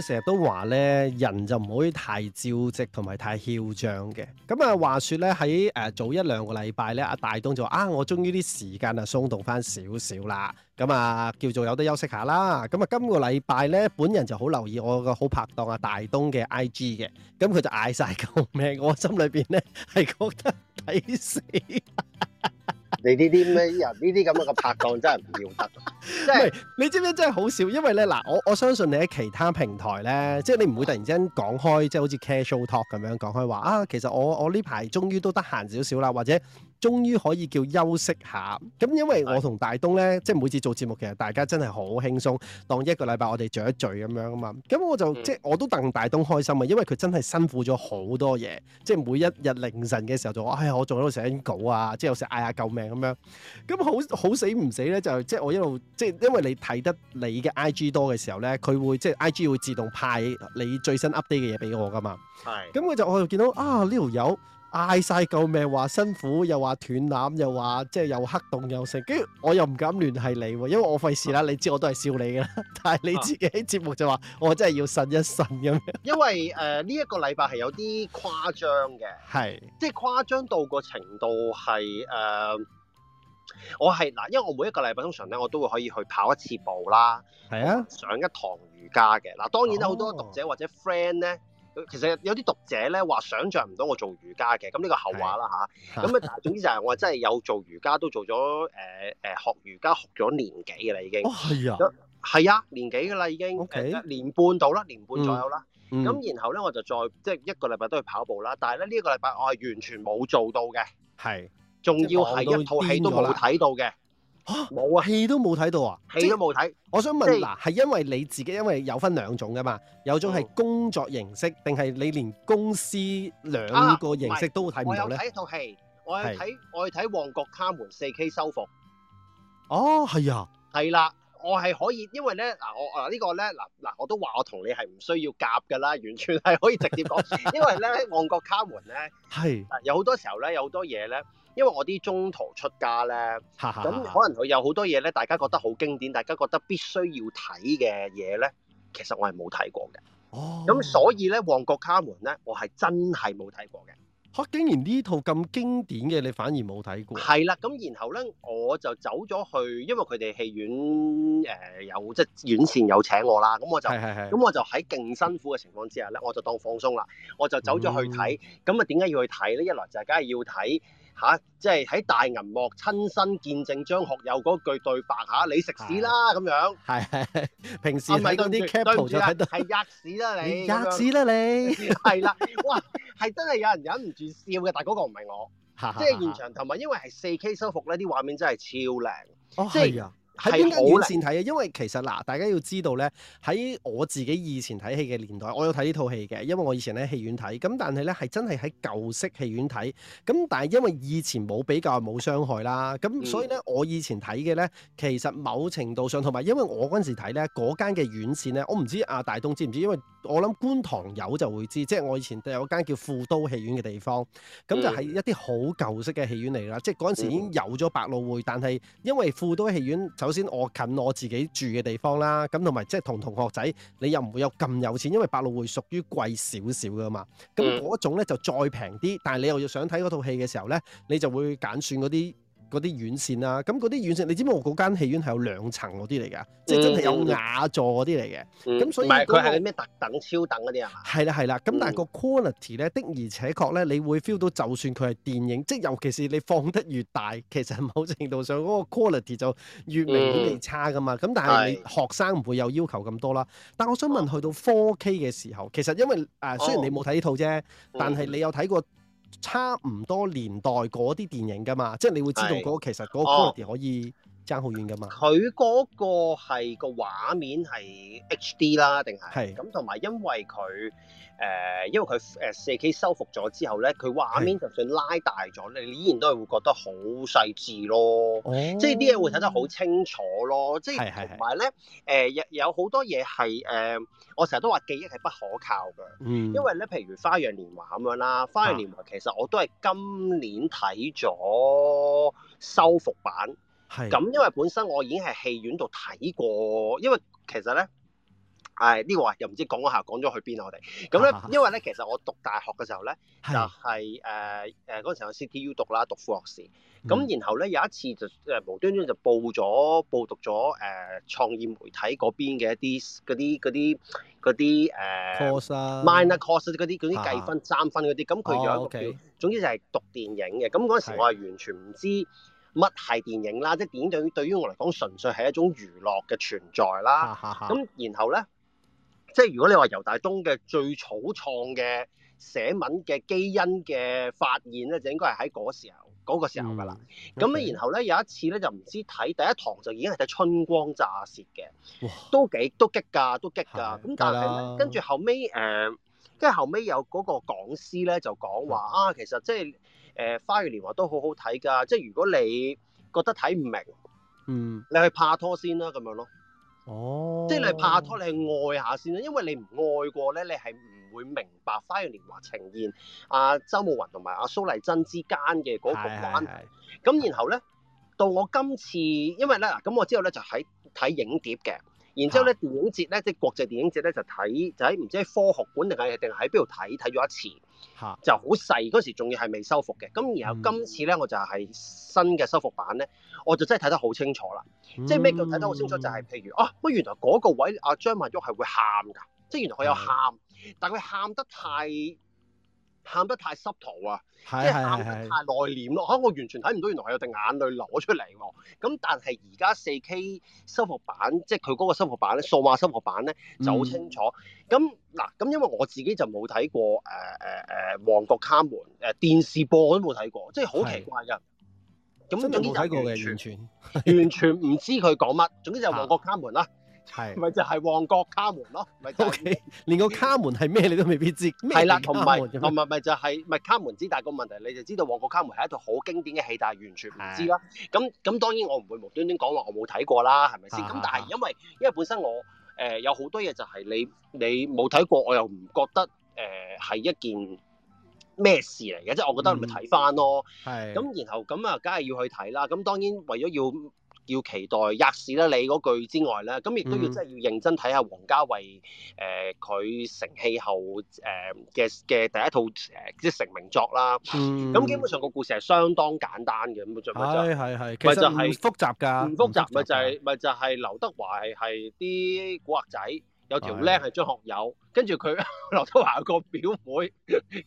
成日都話咧，人就唔可以太招積同埋太囂張嘅。咁啊，話說咧喺，誒早一兩個禮拜咧，阿大東就話啊，我終於啲時間啊鬆動翻少少啦。咁啊，叫做有得休息下啦。咁啊，今個禮拜咧，本人就好留意我個好拍檔啊大東嘅 IG 嘅。咁佢就嗌晒救命，我心裏邊咧係覺得抵死。 你呢啲咩人，呢啲咁樣嘅拍檔真係唔要得，即係你知唔知真係好笑？因為咧嗱，我我相信你喺其他平台咧，即係你唔會突然之間講開，即係好似 casual talk 咁樣講開話啊，其實我我呢排終於都得閒少少啦，或者。終於可以叫休息下，咁因為我同大東咧，的即係每次做節目，其實大家真係好輕鬆，當一個禮拜我哋聚一聚咁樣啊嘛。咁我就、嗯、即係我都戥大東開心啊，因為佢真係辛苦咗好多嘢，即係每一日凌晨嘅時候就話，哎我仲喺度寫稿啊，即係有時嗌下救命咁樣。咁好好死唔死咧？就即係我一路即係因為你睇得你嘅 IG 多嘅時候咧，佢會即係 IG 會自動派你最新 update 嘅嘢俾我噶嘛。係的。咁佢就我就見到啊呢條友。這個嗌晒救命，話辛苦，又話斷纜，又話即係又黑洞又剩，跟住我又唔敢聯繫你喎，因為我費事啦。你知我都係笑你嘅啦，但係你自己節目就話我真係要呻一呻咁樣。啊、因為誒呢一個禮拜係有啲誇張嘅，係是即係誇張到個程度係誒、呃，我係嗱，因為我每一個禮拜通常咧，我都會可以去跑一次步啦，係啊，上一堂瑜伽嘅。嗱，當然啦，好、哦、多讀者或者 friend 咧。其實有啲讀者咧，話想像唔到我做瑜伽嘅。咁呢個後話啦嚇。咁啊是， 總之就係我真係有做瑜伽，都做咗誒誒學瑜伽學咗年幾嘅啦已經。哦係啊，係啊，年幾嘅啦已經，一年半到啦，年半左右啦。咁、嗯嗯、然後咧我就再即係一個禮拜都去跑步啦。但係咧呢一、這個禮拜我係完全冇做到嘅，係仲是要係一套戲都冇睇到嘅。 冇啊，戲都冇睇到啊，戲都冇睇。我想問嗱，係因為你自己，因為有分兩種噶嘛，有種係工作形式，定係你連公司兩個形式都睇唔到咧？我有睇一套戲，我係睇我係睇《旺角卡門》四 K 修復。哦，係啊，係啦，我係可以，因為咧嗱，我啊呢個咧嗱嗱，我都話我同你係唔需要夾噶啦，完全係可以直接講，因為咧喺《旺角卡門》咧係啊，有好多時候咧，有好多嘢咧。因為我啲中途出家咧，咁可能佢有好多嘢咧。大家覺得好經典，大家覺得必須要睇嘅嘢咧，其實我係冇睇過嘅。哦、嗯，咁所以咧，《旺角卡門》咧，我係真係冇睇過嘅。竟然呢套咁經典嘅，你反而冇睇過？係啦，咁 然後咧，我就走咗去，因為佢哋戲院誒、呃、有即係院線有請我啦。咁我就咁我就喺勁辛苦嘅情況之下咧，我就當我放鬆啦。我就走咗去睇。咁啊，點解要去睇呢？一來就梗係要睇。 嚇、啊！即係喺大銀幕親身見證張學友嗰句對白嚇、啊，你食屎啦咁樣。係、啊、係，平時咪、啊啊、對唔住，係吔屎啦你，吔屎啦你，係啦，哇！係真係有人忍唔住笑嘅，但嗰個唔係我，啊啊、即係現場同埋，因為係四 K 修復咧，啲畫面真係超靚。哦，係啊。喺邊間院線睇嘅？因為其實嗱，大家要知道咧，喺我自己以前睇戲嘅年代，我有睇呢套戲嘅，因為我以前咧戲院睇，咁但係咧係真係喺舊式戲院睇，咁但係因為以前冇比較冇傷害啦，咁所以咧我以前睇嘅咧，其實某程度上同埋，因為我嗰陣時睇咧嗰間嘅院線咧，我唔知阿大東知唔知，因為。我諗觀塘友就會知，即係我以前有間叫富都戲院嘅地方，咁就係一啲好舊式嘅戲院嚟啦。即係嗰陣時已經有咗百老匯，但係因為富都戲院首先我近我自己住嘅地方啦，咁同埋即係同同學仔，你又唔會有咁有錢，因為百老匯屬於貴少少㗎嘛。咁嗰種咧就再平啲，但係你又要想睇嗰套戲嘅時候咧，你就會揀選嗰啲。嗰啲院線啦、啊，咁嗰啲院線，你知唔知我嗰間戲院係有兩層嗰啲嚟㗎，嗯、即係真係有雅座嗰啲嚟嘅。咁、嗯、所以佢係咩特等、超等嗰啲啊嘛？係啦係啦，咁但係個 quality 咧的而且確咧，你會 feel 到，就算佢係電影，即係尤其是你放得越大，其實某程度上嗰個 quality 就越明顯地差㗎嘛。咁、嗯、但係你學生唔會有要求咁多啦。但我想問，啊、去到 4K 嘅時候，其實因為誒、呃，雖然你冇睇呢套啫，哦嗯、但係你有睇過，差唔多年代嗰啲電影㗎嘛，即係你會知道嗰、嗰個、的其實個 quality 可以。Oh. 爭好遠噶嘛？佢嗰個係個畫面係 H D 啦，定係咁同埋，因為佢誒，因為佢四 K 修復咗之後咧，佢畫面就算拉大咗咧，是你依然都係會覺得好細緻咯，哦、即係啲嘢會睇得好清楚咯，即係同埋咧誒，有有好多嘢係誒，我成日都話記憶係不可靠噶，嗯、因為咧，譬如花《花樣年華》咁樣啦，《花樣年華》其實我都係今年睇咗修復版。嗯。咁因為本身我已經係戲院度睇過，因為其實咧，係呢個又唔知講咗下講咗去邊啊？我哋咁咧，因為咧其實我讀大學嘅時候咧，就係誒誒嗰陣時有 CTU 讀啦，讀副學士，咁然後咧有一次就誒無端端就報咗報讀咗誒創意媒體嗰邊嘅一啲嗰啲嗰啲啲誒 course、minor course 啲啲計分三分啲，咁佢有一個叫總之就係讀電影嘅，咁嗰陣時我係完全唔知。乜係電影啦？即係電影對於對於我嚟講，純粹係一種娛樂嘅存在啦。咁 然後咧，即係如果你話游大東嘅最草創嘅寫文嘅基因嘅發現咧，就應該係喺嗰時候嗰個時候噶啦。咁咧，嗯 okay. 然後咧有一次咧，就唔知睇第一堂就已經係睇春光乍泄嘅，哇都幾都激㗎，都激㗎。咁的但係跟住後尾，誒、呃，跟住後尾有嗰個講師咧就講話啊，其實即係。誒、呃《花月年華》都好好睇㗎，即係如果你覺得睇唔明，嗯，你去拍拖先啦，咁樣咯。哦，即係你拍拖，你去愛下先啦，因為你唔愛過咧，你係唔會明白《花月年華》呈現阿、啊、周慕雲同埋阿蘇麗珍之間嘅嗰個關係。咁然後咧，到我今次，因為咧，咁我之後咧就喺睇影碟嘅。然之後咧，電影節咧，即係國際電影節咧，就睇就喺唔知科學館定係定喺邊度睇睇咗一次，就好細嗰時仲要係未修復嘅。咁然後今次咧，我就係新嘅修復版咧，我就真係睇得好清楚啦。即係咩叫睇得好清楚，就係？就係譬如啊，乜原來嗰個位阿張曼玉係會喊㗎，即係原來佢有喊，嗯、但佢喊得太。喊得太 subtle 啊，即係喊得太內斂咯，嚇我完全睇唔到原來有隻眼淚流出嚟喎。咁但係而家 4K 修復版，即係佢嗰個修復版咧，數碼修復版咧就好清楚。咁嗱、嗯，咁因為我自己就冇睇過誒誒誒《旺、呃、角、呃、卡門》呃，誒電視播我都冇睇過，即係好奇怪嘅。咁有冇睇過嘅？完全完全唔 知佢講乜，總之就《旺角卡門》啦。係，咪就係旺角卡門咯？咪、就係就係、O.K.，連個卡門係咩你都未必知。係啦，同埋同埋咪就係咪卡門知，但係個問題你就知道旺角卡門係一套好經典嘅戲，但係完全唔知啦。咁咁的當然我唔會無端端講話我冇睇過啦，係咪先？咁、啊、但係因為因為本身我誒、呃、有好多嘢就係你你冇睇過，我又唔覺得誒係、呃、一件咩事嚟嘅，即係、嗯、我覺得你咪睇翻咯。係的。咁然後咁啊，梗係要去睇啦。咁當然為咗要。要期待吔屎啦你嗰句之外咧，咁亦都要真係要認真睇下王家衛誒佢成氣候誒嘅嘅第一套誒、呃、即成名作啦。咁、嗯、基本上個故事係相當簡單嘅，咁最咪就係、是，唔係就係複雜㗎，唔複雜咪就係、是、咪就係、是就是、劉德華係係啲古惑仔。有條靚係張學友，的跟住佢劉德華個表妹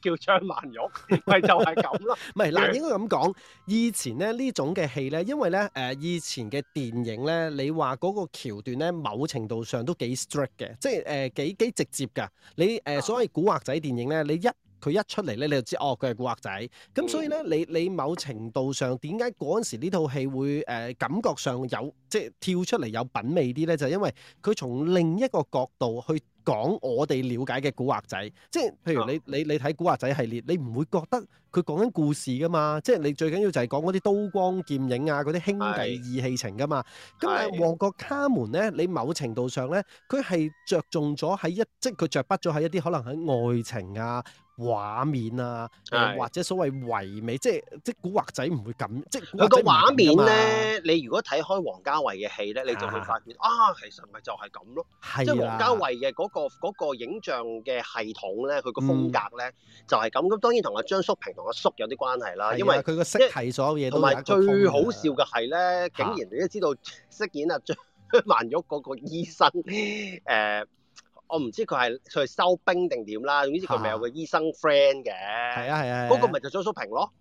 叫張曼玉，咪 就係咁咯。咪嗱， 應該咁講，以前咧呢種嘅戲咧，因為咧誒、呃、以前嘅電影咧，你話嗰個橋段咧，某程度上都幾 strict 嘅，即係誒幾幾直接噶。你誒、呃、所謂古惑仔電影咧，你一佢一出嚟咧，你就知哦，佢係古惑仔咁，所以咧，你你某程度上點解嗰陣時呢套戲會誒、呃、感覺上有即係跳出嚟有品味啲咧？就係因為佢從另一個角度去講我哋了解嘅古惑仔，即係譬如你你你睇古惑仔系列，你唔會覺得佢講緊故事噶嘛，即係你最緊要就係講嗰啲刀光劍影啊，嗰啲兄弟義氣情噶嘛。咁喺《旺角卡門》咧，你某程度上咧，佢係着重咗喺一即係佢着筆咗喺一啲可能喺愛情啊。畫面啊，或者所謂唯美，即係即係古惑仔唔會咁，即係佢個畫面咧。你如果睇開王家衛嘅戲咧，你就會發現啊，啊，其實咪就係咁咯。係、啊、即係王家衛嘅嗰個影像嘅系統咧，佢個風格咧就係、是、咁。咁當然同阿張叔平同阿叔有啲關係啦。因啊，佢個為色系所有嘢。同埋最好笑嘅係咧，啊、竟然你都知道飾演阿、啊、張曼玉嗰個醫生誒。呃.我唔知佢係佢係收兵定點啦，總之佢咪有，有個醫生 friend 嘅，係啊係啊，嗰、啊啊啊、個咪就張淑平咯。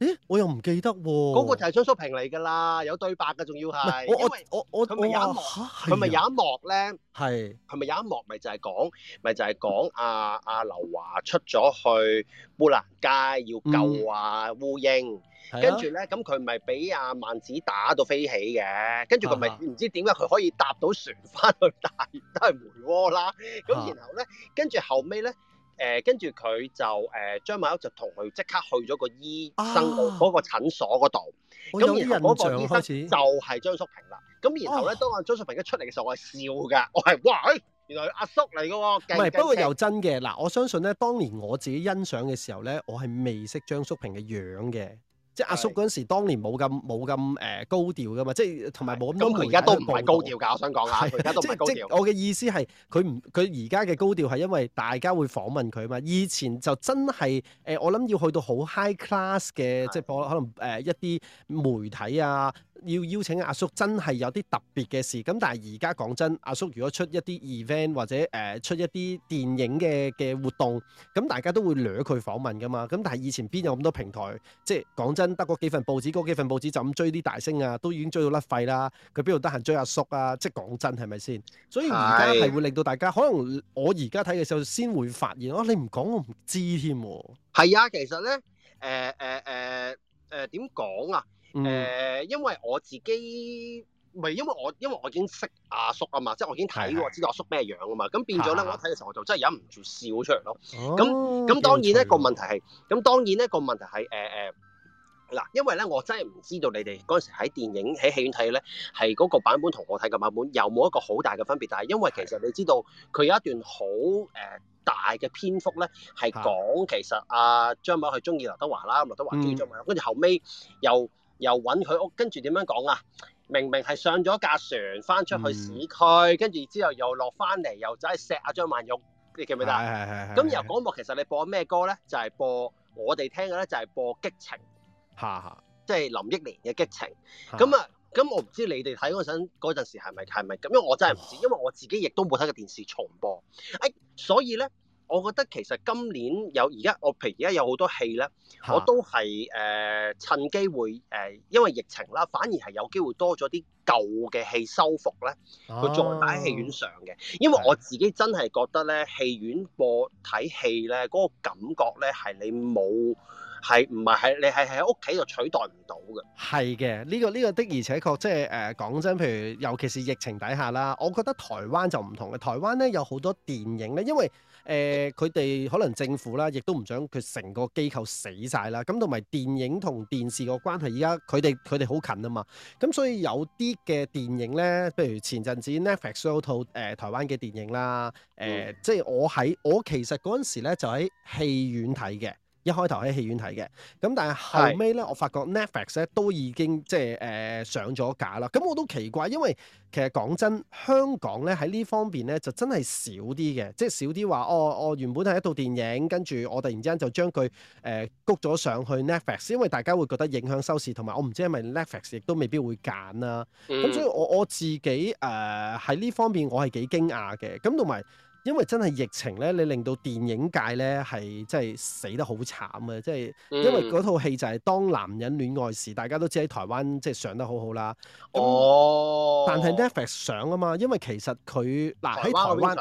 咦，我又唔記得喎、啊。嗰個就係張叔平嚟㗎啦，有對白嘅，仲要係。我我佢咪有一幕，佢咪、啊、有一幕咧，係係咪有一幕咪、啊、就係講，咪、啊、就係講阿阿劉華出咗去烏蘭街要救啊烏蠅、啊，跟住咧咁佢咪俾阿萬子打到飛起嘅，跟住佢咪唔知點解佢可以搭到船翻去大西梅窩啦，咁、啊、 然後咧，跟住後尾咧。誒，跟住佢就誒、呃，張曼玉就同佢即刻去咗個醫生嗰個診所嗰度。我有印象。咁、哦、然後嗰個醫生就係張叔平啦。咁、哦、然後咧，當阿張叔平一出嚟嘅時候，我係笑㗎，我係哇，原來阿叔嚟㗎喎。唔係，不過又真嘅。嗱，我相信咧，當年我自己欣賞嘅時候咧，我係未識張叔平嘅樣嘅。即阿叔陣時當年冇咁冇咁誒高調噶嘛，即係同埋冇咁多媒體。咁佢而家都唔係高調㗎，我想講下。即係 即我嘅意思係佢唔佢而家嘅高調係因為大家會訪問佢啊嘛。以前就真係誒、呃、我諗要去到好 high class 嘅，的即係可能誒、呃、一啲媒體啊，要邀請阿叔，真係有啲特別嘅事。咁但係而家講真，阿叔如果出一啲 event 或者誒、呃、出一啲電影嘅嘅活動，咁大家都會掠佢訪問㗎嘛。咁但係以前邊有咁多平台？即係講真。得嗰幾份報紙，嗰幾份報紙就咁追啲大聲啊，都已經追到甩肺啦。佢邊度得閒追阿叔啊？即係講真係咪先？所以而家係會令到大家，可能我而家睇嘅時候先會發現哦，你唔講我唔知添、啊。係啊，其實咧，誒誒誒誒點講啊？誒、嗯，因為我自己，咪因為我因為我已經識阿叔啊嘛，即係我已經睇過，知道阿叔咩樣啊嘛。咁是變咗咧，我睇嘅時候我就真係忍唔住笑出嚟咯。咁咁、哦、當然咧，個問題係，咁當然咧、呢個問題係誒誒。呢個嗱，因為咧，我真係唔知道你哋嗰陣時喺電影喺戲院睇咧，係嗰個版本同我睇嘅版本有冇一個好大嘅分別。但係因為其實你知道佢有一段好誒大嘅篇幅咧，係講其實阿、啊、張曼玉鍾意劉德華啦，咁劉德華鍾意張曼玉，跟住後尾又又揾佢屋，跟住點樣講啊？明明係上咗架船返出去市區，跟住之後又落返嚟，又再錫阿張曼玉，你記唔記得？咁由嗰幕其實你播咩歌咧？就係、是、播我哋聽嘅咧，就係播激情。嚇！ 即係林憶蓮嘅激情咁啊！咁、 嗯嗯嗯嗯、我唔知你哋睇嗰陣嗰陣時係咪係咪咁，因為我真係唔知，因為我自己亦都冇睇過電視重播。誒，所以咧，我覺得其實今年有而家我譬如而家有好多戲咧，我都係誒、呃、趁機會誒、呃，因為疫情啦，反而係有機會多咗啲舊嘅戲修復咧，佢再擺喺戲院上嘅。因為我自己真係覺得咧，戲院播睇戲咧嗰、那個感覺咧係你冇。係唔係？係你係喺屋企就取代唔到嘅。係嘅，呢、這個呢、這個的而且確，即係誒，講、呃、真，譬如尤其是疫情底下啦，我覺得台灣就唔同嘅。台灣咧有好多電影咧，因為誒佢哋可能政府啦，亦都唔想佢成個機構死晒啦。咁同埋電影同電視個關係，而家佢哋佢哋好近啊嘛。咁所以有啲嘅電影咧，譬如前陣子 Netflix 有套誒、呃、台灣嘅電影啦，誒、呃，嗯、即係我喺我其實嗰陣時咧就喺戲院睇嘅。一開頭喺戲院睇嘅，咁但係後尾咧，是我發覺 Netflix 咧都已經即係誒上咗架啦。咁我都奇怪，因為其實講真，香港咧喺呢方面咧就真係少啲嘅，即係少啲話哦。我原本係一套電影，跟住我突然之間就將佢誒谷咗上去 Netflix，因為大家會覺得影響收視，同埋我唔知係咪 Netflix 亦都未必會揀啦。咁、嗯、所以我我自己誒喺呢方面我係幾驚訝嘅，咁同埋。因為真係疫情咧，你令到電影界咧係真係死得好慘啊！即、就、係、是、因為嗰套戲就係《當男人戀愛時》，大家都知喺台灣即係上得好好啦。哦，但係 Netflix 上啊嘛，因為其實佢嗱喺台灣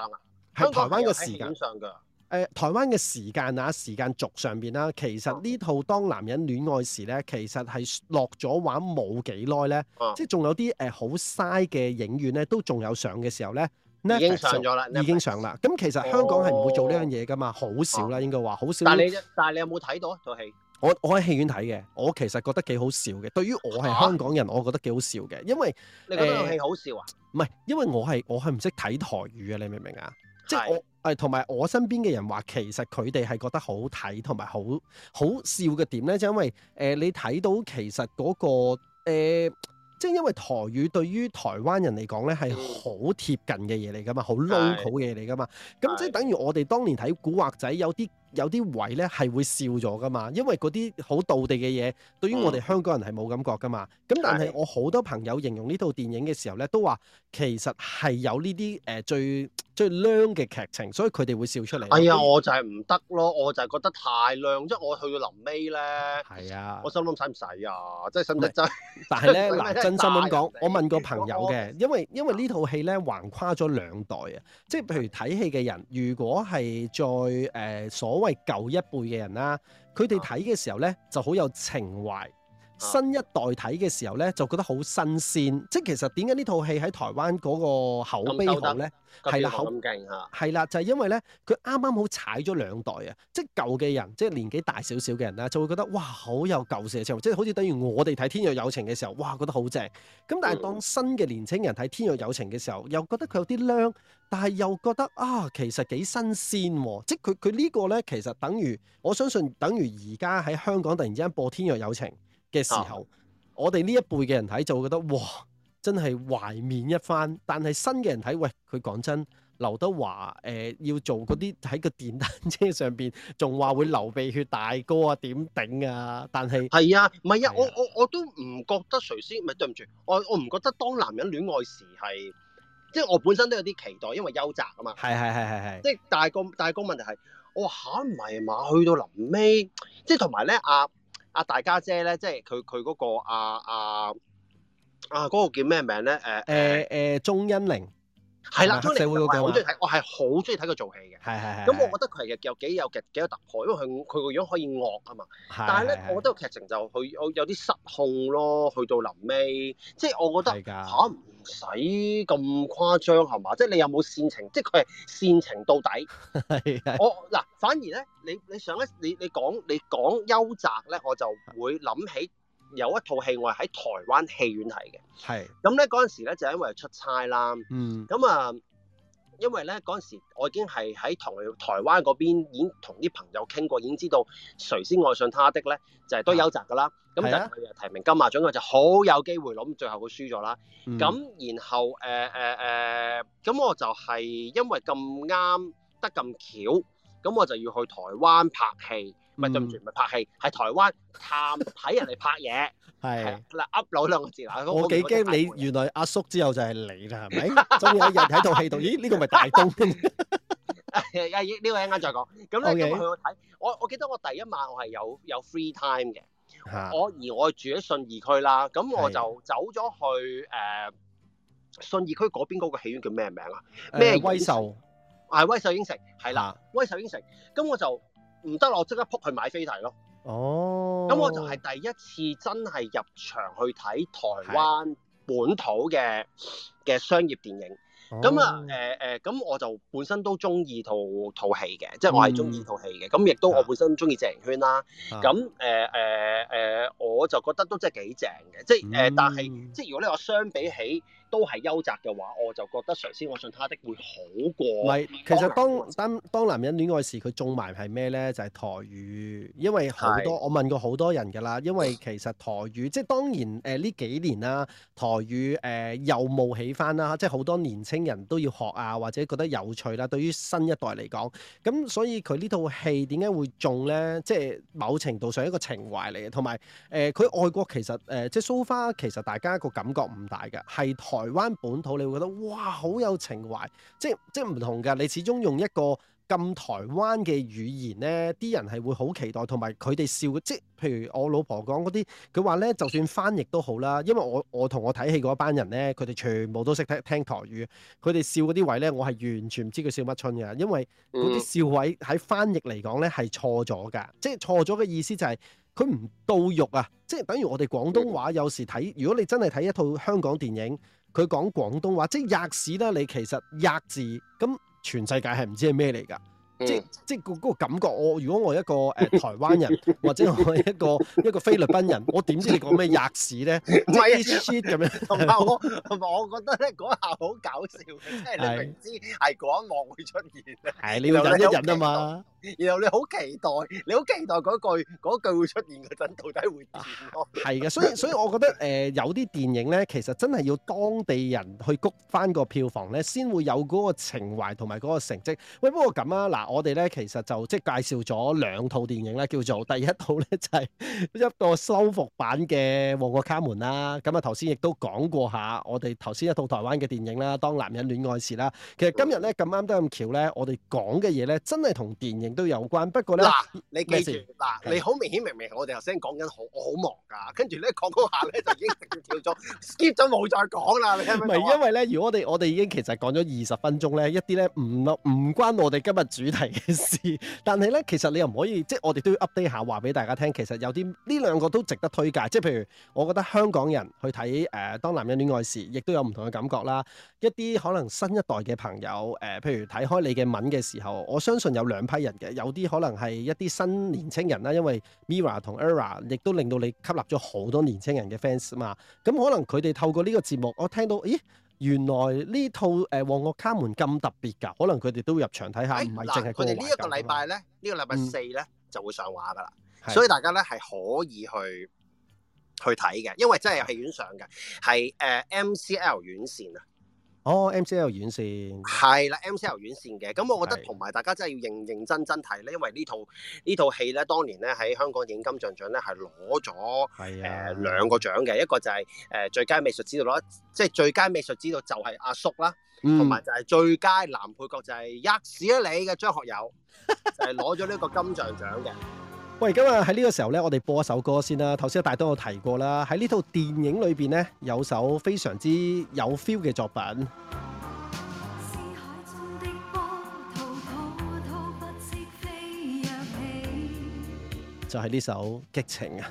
喺台灣嘅、啊、時間誒、呃，台灣嘅時間啊，時間軸上邊啦，其實呢套《當男人戀愛時》咧，其實係落咗畫冇幾耐咧，啊、即係仲有啲誒好嘥嘅影院咧，都仲有上嘅時候咧。已經上咗啦，已經上啦。咁其實香港係唔會做呢樣嘢噶嘛，哦、好少啦、啊、應該話，好少。但你但你有冇睇到套、呢個、戲？我我喺戲院睇嘅，我其實覺得幾好笑嘅。對於我係香港人，啊、我覺得幾好笑嘅，因為呢套戲好笑啊。唔係、欸，因為我係我係唔識睇台語啊，你明唔明啊？的即係我誒，同埋我身邊嘅人話，其實佢哋係覺得好睇同埋好好笑嘅點咧，就係、因為誒、呃、你睇到其實嗰、嗰個、哎呃嗯即係因為台語對於台灣人嚟講咧係好貼近嘅嘢嚟㗎嘛，好 local 嘅嘢嚟㗎嘛，咁即係等於我哋當年睇古惑仔有啲。有啲位咧係會笑咗㗎嘛，因為嗰啲好道地嘅嘢，對於我哋香港人係冇感覺㗎嘛。咁但係我好多朋友形容呢套電影嘅時候咧，都話其實係有呢啲誒最最靚嘅劇情，所以佢哋會笑出嚟。係啊，我就係唔得咯，我就係覺得太靚，即係我去到臨尾咧。係啊，我心諗使唔使啊？即係使唔使真？但係咧，嗱，真心咁講，我問過朋友嘅，因為因為呢套戲咧橫跨咗兩代啊，即係譬如睇戲嘅人，如果係再……誒所所謂舊一輩嘅人啦、啊，佢哋睇嘅時候呢就好有情懷；新一代睇嘅時候呢，就覺得好新鮮。即係其實點解呢套戲喺台灣嗰個口碑好呢？係啦，係、啊、啦，就係、是、因為呢，佢啱啱好踩咗兩代啊！即係舊嘅人，即係年紀大少少嘅人啦、啊，就會覺得哇，好有舊時嘅情；即係好似等於我哋睇《天若有情》嘅時候，哇，覺得好正。咁但係當新嘅年輕人睇《天若有情》嘅時候，嗯、又覺得佢有啲靚。但係又覺得啊、哦，其實幾新鮮喎！即係佢佢呢個呢，其實等於我相信，等於而家喺香港突然之間播《天若有情》嘅時候，啊、我哋呢一輩嘅人睇就會覺得哇，真係懷緬一番。但係新嘅人睇，喂，佢講真，劉德華誒、呃、要做嗰啲喺個電單車上邊，仲話會流鼻血大哥啊，點頂啊！但係係啊，唔係啊，啊我我我都唔覺得誰先，唔係對唔住，我我唔覺得當男人戀愛時係。即係我本身都有啲期待，因為優宅啊嘛。係係係係係。即係但係個但係個問題係，我話嚇唔係嘛？去到臨尾，即係同埋咧，阿、啊、阿大家姐咧，即係佢佢嗰個阿啊嗰、啊嗰個叫咩名咧？誒誒誒，鐘欣玲係啦，呃、是是社會我係好鍾意睇，我係好鍾意睇佢做戲嘅。係係咁我覺得佢係有幾有劇幾有突破，因為佢佢個樣可以惡啊嘛。是是是但係咧，我覺得劇情就佢有啲失控咯，去到臨尾，即係我覺得嚇。的唔使咁誇張係嘛？即係你有冇煽情？即係佢係煽情到底。 我嗱反而咧，你你上一你你講你講邱澤咧，我就會諗起有一套戲，我係喺台灣戲院睇嘅。係是。咁咧嗰陣時咧就因為出差啦。嗯。咁啊、嗯。因為呢嗰陣時，我已經係喺同台灣嗰邊已經同啲朋友傾過，已經知道誰先愛上他的呢，就係、是、都優澤㗎啦。咁、啊、就佢提名金馬獎，我就好有機會攞。咁最後佢輸咗啦。咁、嗯、然後誒誒誒，咁、呃呃呃、我就係因為咁啱得咁巧，咁我就要去台灣拍戲。唔係對住，唔係拍戲，係台灣探睇人哋拍嘢。係嗱，up 樓兩個字嗱。我幾驚你，原來阿叔之後就係你啦，係咪？仲有人喺套戲度？咦，呢個咪大東？阿姨，呢個我啱啱再講。咁咧，我去睇我，我記得我第一晚我係有有 free time 嘅。我而我住喺信義區啦，咁我就走咗去誒信義區嗰邊嗰個戲院叫咩名啊？咩威秀？係威秀影城，係啦，威秀影城。咁我就。唔得我即刻撲去買飛睇咯，咁、嗯、我就係第一次真係入場去睇台灣本土嘅嘅、啊、商業電影，咁啊誒誒，咁我就本身都中意套套戲嘅，即係我係中意套戲嘅，咁亦都我本身中意謝霆鋒啦，咁誒誒誒，我就覺得都真係幾正嘅，即係誒、呃，但係、嗯、即係如果你話相比起。都係優澤嘅話，我就覺得常先我相信他的會好過。唔係，其實當，當當當男人戀愛時，佢中埋係咩咧？就係、是、台語。因為好多是我問過好多人㗎啦。因為其實台語即係當然誒呢、呃、幾年啦，台語誒、呃、又冒起翻啦，即係好多年輕人都要學啊，或者覺得有趣啦、啊。對於新一代嚟講，咁所以佢呢套戲點解會中咧？即係某程度上一個情懷嚟嘅，同埋誒佢外國，其實誒、呃、即係 so far，其實大家個感覺唔大嘅，係。台。台灣本土，你會覺得哇，好有情懷，即即唔同㗎。你始終用一個咁台灣嘅語言咧，啲人係會好期待，同埋佢哋笑。即譬如我老婆講嗰啲，佢話咧，就算翻譯都好啦，因為我我同我睇戲嗰班人咧，佢哋全部都識聽聽台語。佢哋笑嗰啲位咧，我係完全唔知佢笑乜春嘅，因為嗰啲笑位喺翻譯嚟講咧係錯咗㗎。即錯咗嘅意思就係佢唔到肉啊，即等於我哋廣東話有時睇，如果你真係睇一套香港電影。佢講廣東話，即係吔屎啦你其實吔字，咁全世界係唔知係咩嚟㗎？即係即係個感覺。我如果我係一個誒、呃、台灣人，或者我係一個一個菲律賓人，我點知你講咩吔屎咧？唔係啊，咁 樣。同埋我， 我覺得咧嗰下好搞笑，即係的你明知係嗰一幕會出現。係你要忍一忍啊嘛。然後你好期待，你好期待嗰句嗰句會出現嗰陣，到底會點咯？係嘅，所以所以我覺得誒，有啲電影咧，其實真係要當地人去谷翻個票房咧，先會有嗰個情懷同埋嗰個成績。喂，不過咁啊，嗱，我哋咧其實就即係介紹咗兩套電影啦，叫做第一套咧就係一個修復版嘅《旺角卡門》啦。咁啊，頭先亦都講過下，我哋頭先一套台灣嘅電影啦，《當男人戀愛時》啦。其實今日咧咁啱得咁巧咧，我哋講嘅嘢咧真係同電影都有關，不過咧，嗱，你記住，嗱，你好明顯明明我，我哋頭先講緊，好我好忙噶，跟住咧講嗰下咧就已經叫咗 ，skip 咗，冇再講啦，你係咪？唔係，因為咧，如果我哋我哋已經其實講咗二十分鐘咧，一啲咧唔唔關我哋今日主題嘅事，但係咧，其實你又唔可以，即係我哋都要 update 下話俾大家聽，其實有啲呢兩個都值得推介，即係譬如我覺得香港人去睇誒、呃、當男人戀愛時，亦都有唔同嘅感覺啦，一啲可能新一代嘅朋友誒、呃，譬如睇開你嘅文嘅時候，我相信有兩批人。有啲可能係一啲新年青人啦，因為 MIRROR 同 Era 亦都令到你吸納咗好多年青人嘅 fans 嘛。咁、嗯、可能佢哋透過呢個節目，我聽到咦，原來呢套誒、呃《旺角卡門》咁特別㗎，可能佢哋都入場睇下，唔係淨係講話佢哋呢一個禮拜咧，呢個禮拜、嗯、四咧就會上畫㗎啦，的所以大家咧係可以去去睇嘅，因為真係有戲院上嘅，係誒、呃、MCL 院線啊。哦，MCL 院線係啦，MCL 院線嘅，咁我覺得同埋大家真係要認認真真睇咧，因為呢套呢套戲咧，當年咧喺香港電影金像獎咧係攞咗誒兩個獎嘅，一個就係誒最佳美術指導攞，即係最佳美術指導就係阿叔啦，同埋就係最佳男配角就係吔屎啦你嘅張學友，就係攞咗呢個金像獎嘅。喂，今日喺呢個時候咧，我哋播一首歌先啦。頭先大東有提過啦，喺呢套電影裏邊咧，有首非常之有 feel 嘅作品，陶陶陶陶就係呢首《激情》啊。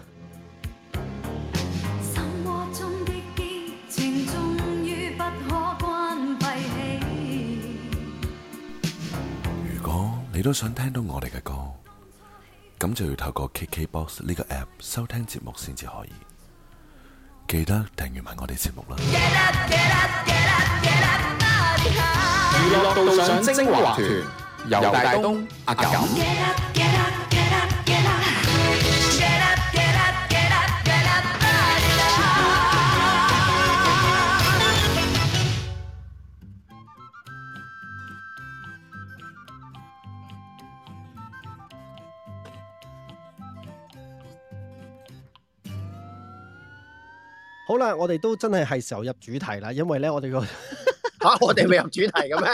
如果你都想聽到我哋嘅歌。咁就要透過 KKBOX 呢個 app 收聽節目先至可以，記得訂閱埋我哋節目啦！娛樂道上精華團，游大東、阿感。好啦，我哋都真係係時候入主題啦，因為咧，我哋、嗰個吓、 啊、我哋未入主題嘅咩？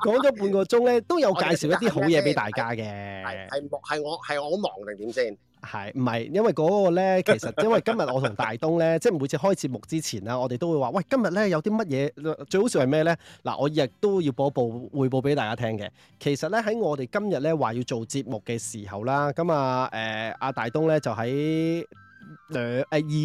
講 咗半個鐘咧，都有介紹一啲好嘢俾大家嘅。係係係我係我，我忙定點先？係唔係？因為嗰個咧，其實因為今日我同大東咧， 即係每次開節目之前啦，我哋都會話喂，今日咧有啲乜嘢最好笑係咩咧？嗱、啊，我亦都要播報匯報俾大家聽嘅。其實咧喺我哋今日咧話要做節目嘅時候啦，咁、呃、啊誒阿大東咧就喺。兩誒二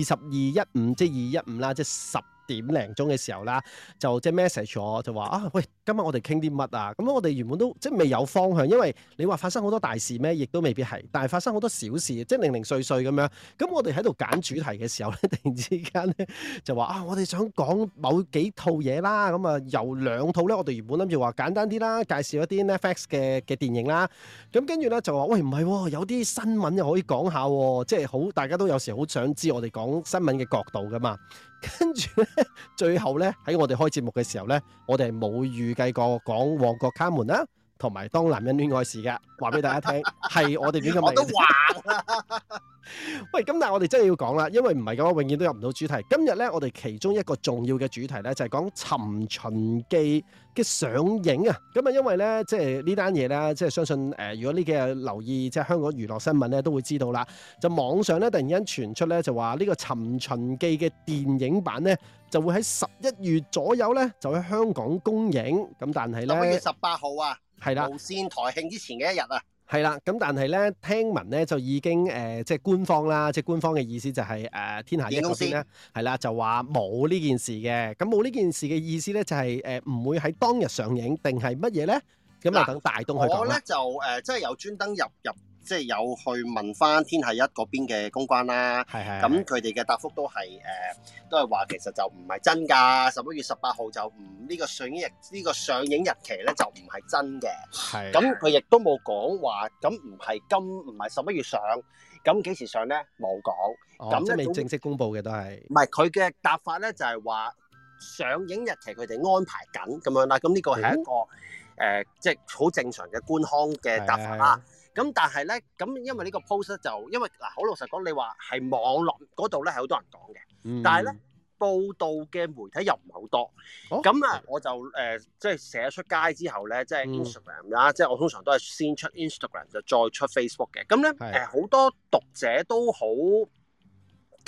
十二一五，即係二一五啦，即係十。點零鐘嘅時候啦，就即係 message 我，就話啊，喂，今日我哋傾啲乜啊？咁我哋原本都即係未有方向，因為你話發生好多大事咩，亦都未必係，但係發生好多小事，即係零零碎碎咁樣。咁我哋喺度揀主題嘅時候咧，突然之間咧就話啊，我哋想講某幾套嘢啦。咁啊，由兩套咧，我哋原本諗住話簡單啲啦，介紹一啲 Netflix 嘅嘅電影啦。咁跟住咧就話，喂，唔係啊，有啲新聞又可以講下啊，即係好大家都有時好想知我哋講新聞嘅角度噶嘛。跟住咧，最後咧喺我哋開節目嘅時候咧，我哋冇預計過講旺角卡門啦。同埋當男人戀愛時嘅，話俾大家聽，係我哋呢個名。我都話啦。喂，咁但係我哋真係要講啦，因為唔係咁，永遠都入唔到主題。今日咧，我哋其中一個重要嘅主題咧，就係講《尋秦記》嘅上映啊。咁啊，因為咧，即係呢單嘢咧，即係相信誒，如果呢幾日留意即係香港娛樂新聞咧，都會知道啦。就網上咧突然間傳出咧，就話呢個《尋秦記》嘅電影版咧，就會喺十一月左右咧，就喺香港公映。咁但係咧，十一月十八號啊。係啦，無綫台慶之前嘅一日啊，係啦，咁但係咧，聽聞咧就已經誒、呃，即係官方啦，即係官方嘅意思就係、是、誒、呃，天下一公司係啦，就話冇呢件事嘅，咁冇呢件事嘅意思咧、就是，就係誒，唔會喺當日上映定係乜嘢咧？咁啊，等大東去講啦、啊，就誒，即、呃、係、就是、有專登入入。入即係有去問翻天下一嗰邊嘅公關啦，咁佢哋嘅答覆都係誒、呃，都係話其實就唔係真㗎。十一月十八號就唔呢、這個上映呢、這個上映日期咧就唔係真嘅。係咁佢亦都冇講話，咁唔係今唔係十一月上，咁幾時上咧冇講。咁、哦、這樣 即係未正式公布嘅都係。唔係佢嘅答法咧，就係話上映日期佢哋安排緊咁樣啦。咁呢個係一個誒、嗯呃，即係好正常嘅官腔嘅答法啦。是是是是。咁但係咧，咁因為呢個 post 就因為嗱，好老實講，你話係網絡嗰度咧係好多人講嘅，嗯、但係咧報道嘅媒體又唔係好多。咁啊、哦，我就誒即係寫出街之後咧，即係 Instagram，嗯、即係 Instagram 啦，即係我通常都係先出 Instagram，就再出 Facebook 嘅。咁咧誒，好的、呃、多讀者都好。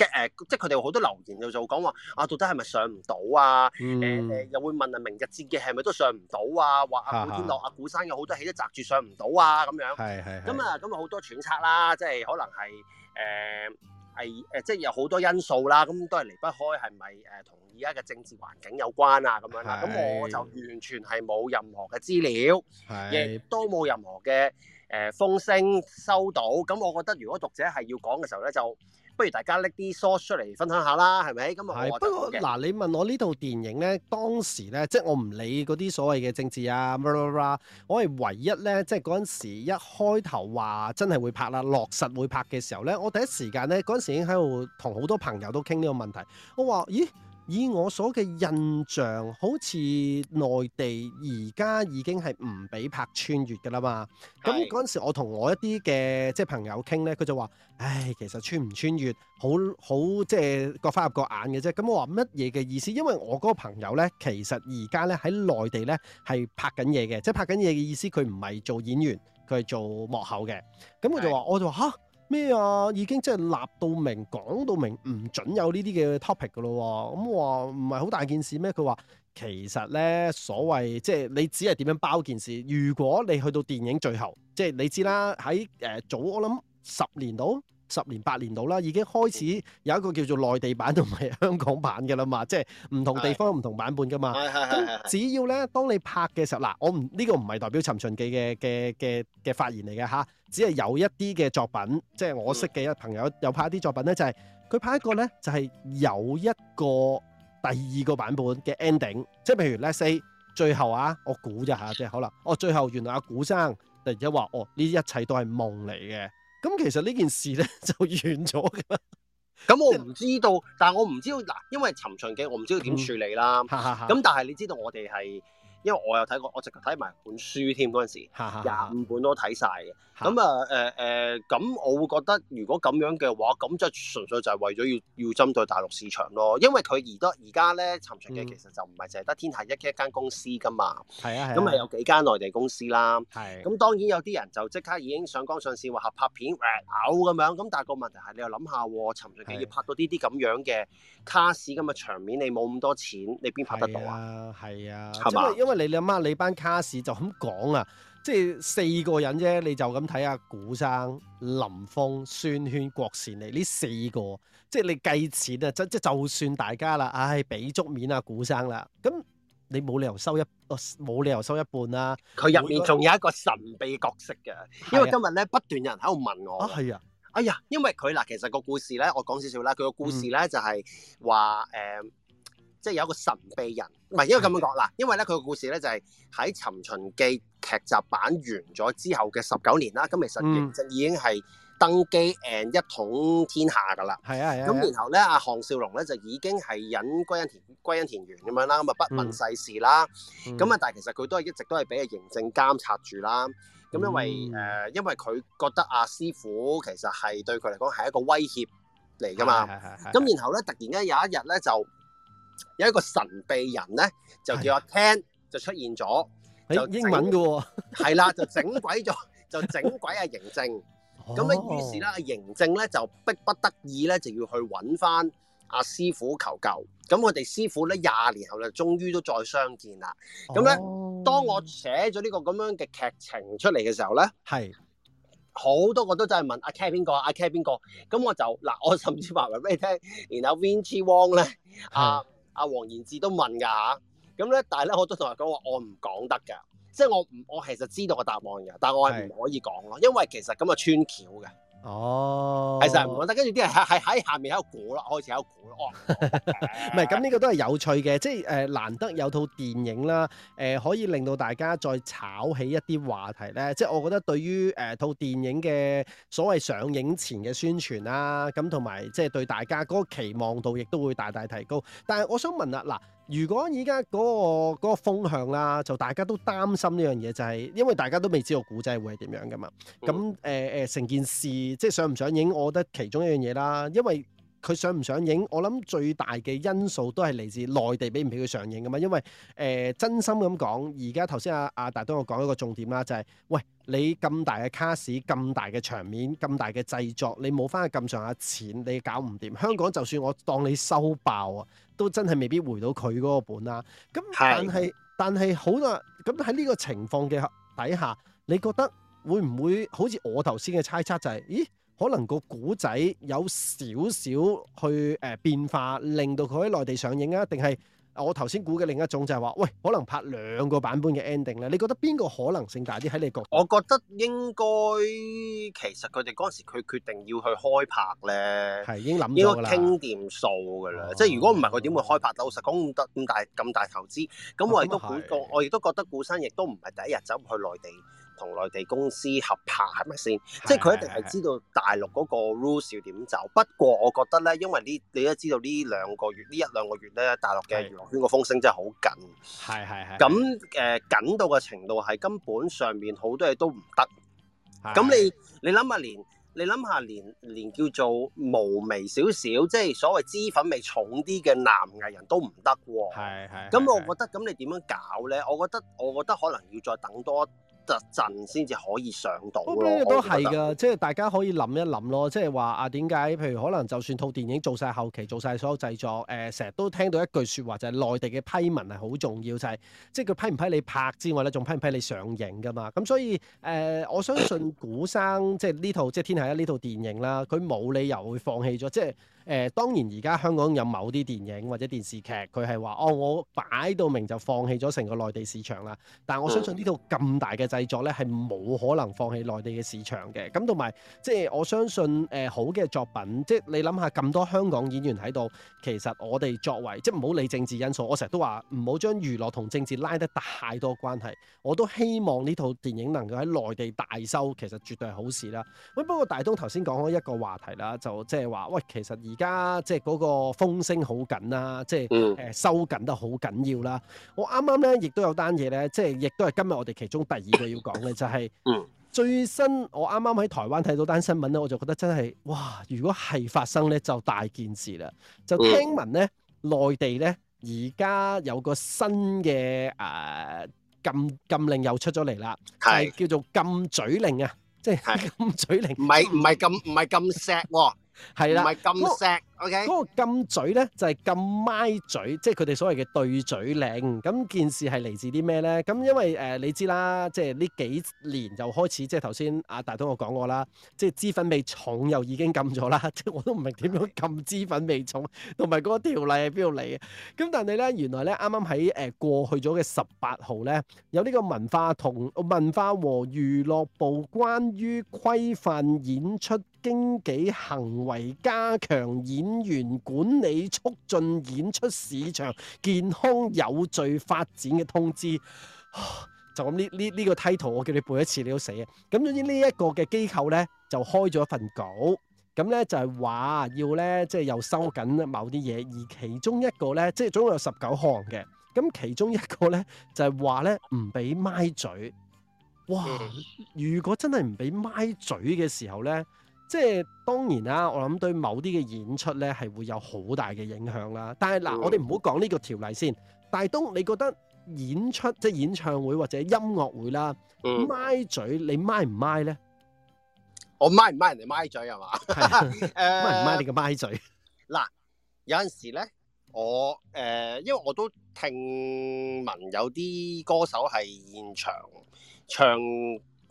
嘅即係佢哋好多留言就就講話啊，到底係咪上唔到啊？誒又會問啊，明日戰記嘅係咪都上唔到啊？話啊，古天樂、啊古生有好多戲都宅住上唔到啊，咁哈樣。係係。咁啊，咁啊，好多揣測啦，即係可能係誒係誒，即係有好多因素啦，咁都係離不開係咪誒同而家嘅政治環境有關啊？咁樣啦，咁是我就完全係冇任何嘅資料，亦是都冇任何嘅誒、呃、風聲收到。咁我覺得如果讀者係要講嘅時候咧，就不如大家拎啲 source 出嚟分享下啦，係咪？咁啊，不過嗱，你問我呢套電影咧，當時咧，即係我唔理嗰啲所謂嘅政治啊，咁啦啦，我係唯一咧，即係嗰陣時一開頭話真係會拍啦，落實會拍嘅時候咧，我第一時間咧，嗰陣時已經喺度同好多朋友都傾呢個問題，我話咦。以我所嘅印象，好似內地而家已經係唔俾拍穿越㗎啦嘛。咁嗰陣時，我同我一啲嘅即係朋友傾咧，佢就話：，唉，其實穿唔穿越，好好即係各花入各眼嘅啫。咁我話乜嘢嘅意思？因為我嗰個朋友咧，其實而家咧喺內地咧係拍緊嘢嘅，即係拍緊嘢嘅意思，佢唔係做演員，佢係做幕後嘅。咁佢就話：，是我就話：，我就話吓。咩啊？已經即係立到明，講到明，唔準有呢啲嘅 topic 嘅咯。咁話唔係好大件事咩？佢話其實咧，所謂即係你只係點樣包件事。如果你去到電影最後，即係你知啦，喺誒、呃、早我諗十年到。十年八年到啦，已經開始有一個叫做內地版同埋香港版嘅啦嘛，即係唔同地方唔同版本噶嘛。咁 只要咧，當你拍嘅時候，嗱、啊，我唔呢、呢個唔係代表尋秦記嘅嘅嘅嘅發言嚟嘅嚇，只係有一啲嘅作品，即係我識嘅一朋友又拍一啲作品咧，就係、是、佢拍一個咧，就係、是、有一個第二個版本嘅 ending，即係譬如 let’s say 最後啊，我估咋嚇，即係好啦，哦，最後原來阿古生突然之間話，哦，呢一切都係夢嚟嘅。咁其實呢件事咧 就完咗嘅，咁我唔知道，但係我唔知道，因為《尋秦記》我唔知道點處理啦。咁、嗯、但係你知道我哋係，因為我有睇過，我直頭睇埋本書添嗰陣時，廿五本都睇晒嘅。咁啊，誒、呃、誒，咁、呃、我會覺得，如果咁樣嘅話，咁就係純粹就係為咗要要針對大陸市場咯，因為佢而得而家咧，尋秦記其實就唔係淨係得天下一間公司噶嘛，係啊，係咁啊有幾間內地公司啦，係、啊，咁、啊、當然有啲人就即刻已經上綱上線話合拍片，誒牛咁樣，咁、呃呃、但係個問題係你又諗下喎，尋秦記要拍到呢啲咁樣嘅卡士咁嘅場面，你冇咁多錢，你邊拍得到啊？係啊，係啊，因為你你阿媽你班卡士就咁講啊。 即係四個人啫，你就咁睇下古生、林峰、宣萱、郭羨妮呢四個，即係你計錢啊！即即就算大家啦，唉，俾足面阿、啊、古生啦，咁你冇理由收一，冇理由收一半啦、啊。佢入面仲有一個神秘角色嘅，因為今日咧、啊、不斷有人喺度問我。啊，係啊！哎呀，因為佢嗱，其實個故事咧，我講少少啦。佢個故事咧、嗯、就係話誒。嗯即係有一個神秘人，唔係應該咁樣講嗱，因為咧佢個故事咧就係喺《尋秦記》劇集版完咗之後嘅十九年啦。咁其實嬴政已經係登基誒一統天下㗎啦。係啊，咁、啊啊、然後咧，阿項少龍咧就已經係隱居歸田，歸隱田園咁樣啦。咁啊不問世事啦，咁啊、嗯嗯、但係其實佢都係一直都係俾阿嬴政監察住啦。咁因為誒，因為佢、嗯呃、覺得阿師傅其實係對佢嚟講係一個威脅嚟㗎嘛。咁、啊啊啊、然後咧，突然間有一日咧就。有一個神秘人咧，就叫阿 Ken，就出現咗，就英文嘅。係啦，就整鬼咗，就整鬼阿嬴政。咁咧，於是咧，阿嬴政咧就迫不得已咧，就要去揾翻阿師傅求救，咁我哋師傅咧廿年後咧，終於都再相見啦。咁咧，當我寫咗呢個咁樣嘅劇情出嚟嘅時候咧，係好多我都真係問阿 Ken 邊個，阿 Ken 邊個，咁我就嗱，我甚至話畀你聽，然後 Winchew Wong 咧，啊。阿王賢志都問㗎吓，咁呢，但係呢，好多同學講話，我唔講得嘅，即係我我其實知道個答案嘅，但我係唔可以講咯，是的 因為其實咁咪穿橋嘅。哦，係真係唔覺得，跟住啲人喺喺下面喺度估咯，開始喺度估咯，哦，唔係，咁呢個都係有趣嘅，即係誒難得有套電影啦，誒、呃、可以令到大家再炒起一啲話題咧，即係我覺得對於誒套、呃、電影嘅所謂上映前嘅宣傳啦，咁同埋即係對大家嗰個期望度亦都會大大提高，但係我想問啊，嗱。如果依家嗰個嗰、嗰個、風向啦，就大家都擔心呢樣嘢，就係因為大家都未知道古仔會係點樣噶嘛。咁誒誒，成、呃、件事即係上唔上映，我覺得其中一樣嘢啦，因為。佢上唔上映，我諗最大嘅因素都係嚟自內地俾唔俾佢上映噶嘛？因為誒、呃，真心咁講，而家頭先阿阿大都我講一個重點啦，就係、是、喂，你咁大嘅卡 a 咁大嘅場面，咁大嘅製作，你冇翻咁上下錢，你搞唔掂。香港就算我當你收爆啊，都真係未必回到佢嗰個本啦。咁是但係但係好多咁喺呢個情況嘅底下，你覺得會唔會好似我頭先嘅猜測就係、是？咦？可能個古仔有少少去誒、呃、變化，令到佢喺內地上映啊？定係我頭先估嘅另一種就係話，喂，可能拍兩個版本嘅 ending 咧？你覺得邊個可能性大啲？喺你角度，我覺得應該其實佢哋嗰陣時佢決定要去開拍咧，係已經諗應該傾掂數㗎啦。哦、即係如果唔係佢點會開拍？的老實講咁大咁大咁大投資，咁我亦都估，嗯、我亦都覺得古生亦都唔係第一日走去內地。同內地公司合拍係咪先？即係佢一定係知道大陸嗰個 rule 係要點走。不過我覺得呢，因為呢，你都知道呢兩個月呢一兩個月呢，大陸嘅娛樂圈個風聲真係好緊。係係係。咁誒緊到嘅程度係根本上面好多嘢都唔得。咁你你諗下，連你諗下，連連叫做無微少少，即係所謂脂粉味重啲嘅男藝人都唔得喎。係係。咁我覺得，咁你點樣搞呢？我覺得，我覺得可能要再等多。就震先至可以上到都係噶，哦、即係大家可以諗一諗咯，即係話啊點解？譬如可能就算套電影做晒後期，做晒所有製作，誒成日都聽到一句説話，就係、是、內地嘅批文係好重要，就係、是、即係佢批唔批你拍之外咧，仲批唔批你上映噶嘛？咁所以誒、呃，我相信古生即係呢套即係天下一呢套電影啦，佢冇理由會放棄咗，即係。誒、呃、當然而家香港有某啲電影或者電視劇，佢係話哦，我擺到明就放棄咗成個內地市場啦。但係我相信呢套咁大嘅製作呢，係冇可能放棄內地嘅市場嘅。咁同埋即係我相信誒、呃、好嘅作品，即係你諗下咁多香港演員喺度，其實我哋作為即係唔好理政治因素，我成日都話唔好將娛樂同政治拉得太多關係。我都希望呢套電影能夠喺內地大收，其實絕對係好事啦。喂，不過大東頭先講開一個話題啦，就即係話喂，其實。而家即係嗰個風聲好緊啦，即係誒收緊得好緊要啦。我啱啱咧，亦都有單嘢咧，即係亦都係今日我哋其中第二個要講嘅，就係最新。我啱啱喺台灣睇到單新聞咧，我就覺得真係哇！如果係發生咧，就大件事啦。就聽聞咧，內地咧而家有個新嘅誒禁禁令又出咗嚟啦，係叫做禁嘴令啊，即係係禁嘴令。唔係唔係禁唔係禁錘喎。係啦，唔係禁錫、那個，OK。嗰個禁嘴咧就係、是、禁咪嘴，即係佢哋所謂嘅對嘴令。咁件事係嚟自啲咩咧？咁因為誒、呃、你知啦，即係呢幾年又開始，即係頭先阿大東我講過啦，即係脂粉味重又已經禁咗啦。即係我都唔明點樣禁脂粉味重，同埋嗰個條例喺邊度嚟嘅？咁但係咧，原來咧啱啱喺誒過去咗嘅十八號咧，有呢個文化同文化和娛樂部關於規範演出，經紀行為加強演員管理促進演出市場健康有序發展嘅通知，就咁呢呢呢個 title 我叫你背一次你都死啊！咁、嗯、總之呢一個嘅機構咧就開咗一份稿，咁、嗯、咧就係、是、話要咧即係又收緊某啲嘢，而其中一個咧即係總共有十九項嘅，咁、嗯、其中一個咧就係話咧唔俾咪嘴。哇！如果真係唔俾咪嘴嘅時候咧？即係當然啦、啊，我諗對某啲嘅演出咧係會有好大嘅影響啦。但係嗱，我哋唔好講呢個條例先。大東，你覺得演出即係演唱會或者音樂會啦，嗯，咪嘴，你咪唔咪咧？我咪唔咪人哋咪嘴係嘛？誒，咪唔咪你嘅咪嘴？嗱，有陣時咧，我誒，因為我都聽聞有啲歌手係現場唱。誒嘅、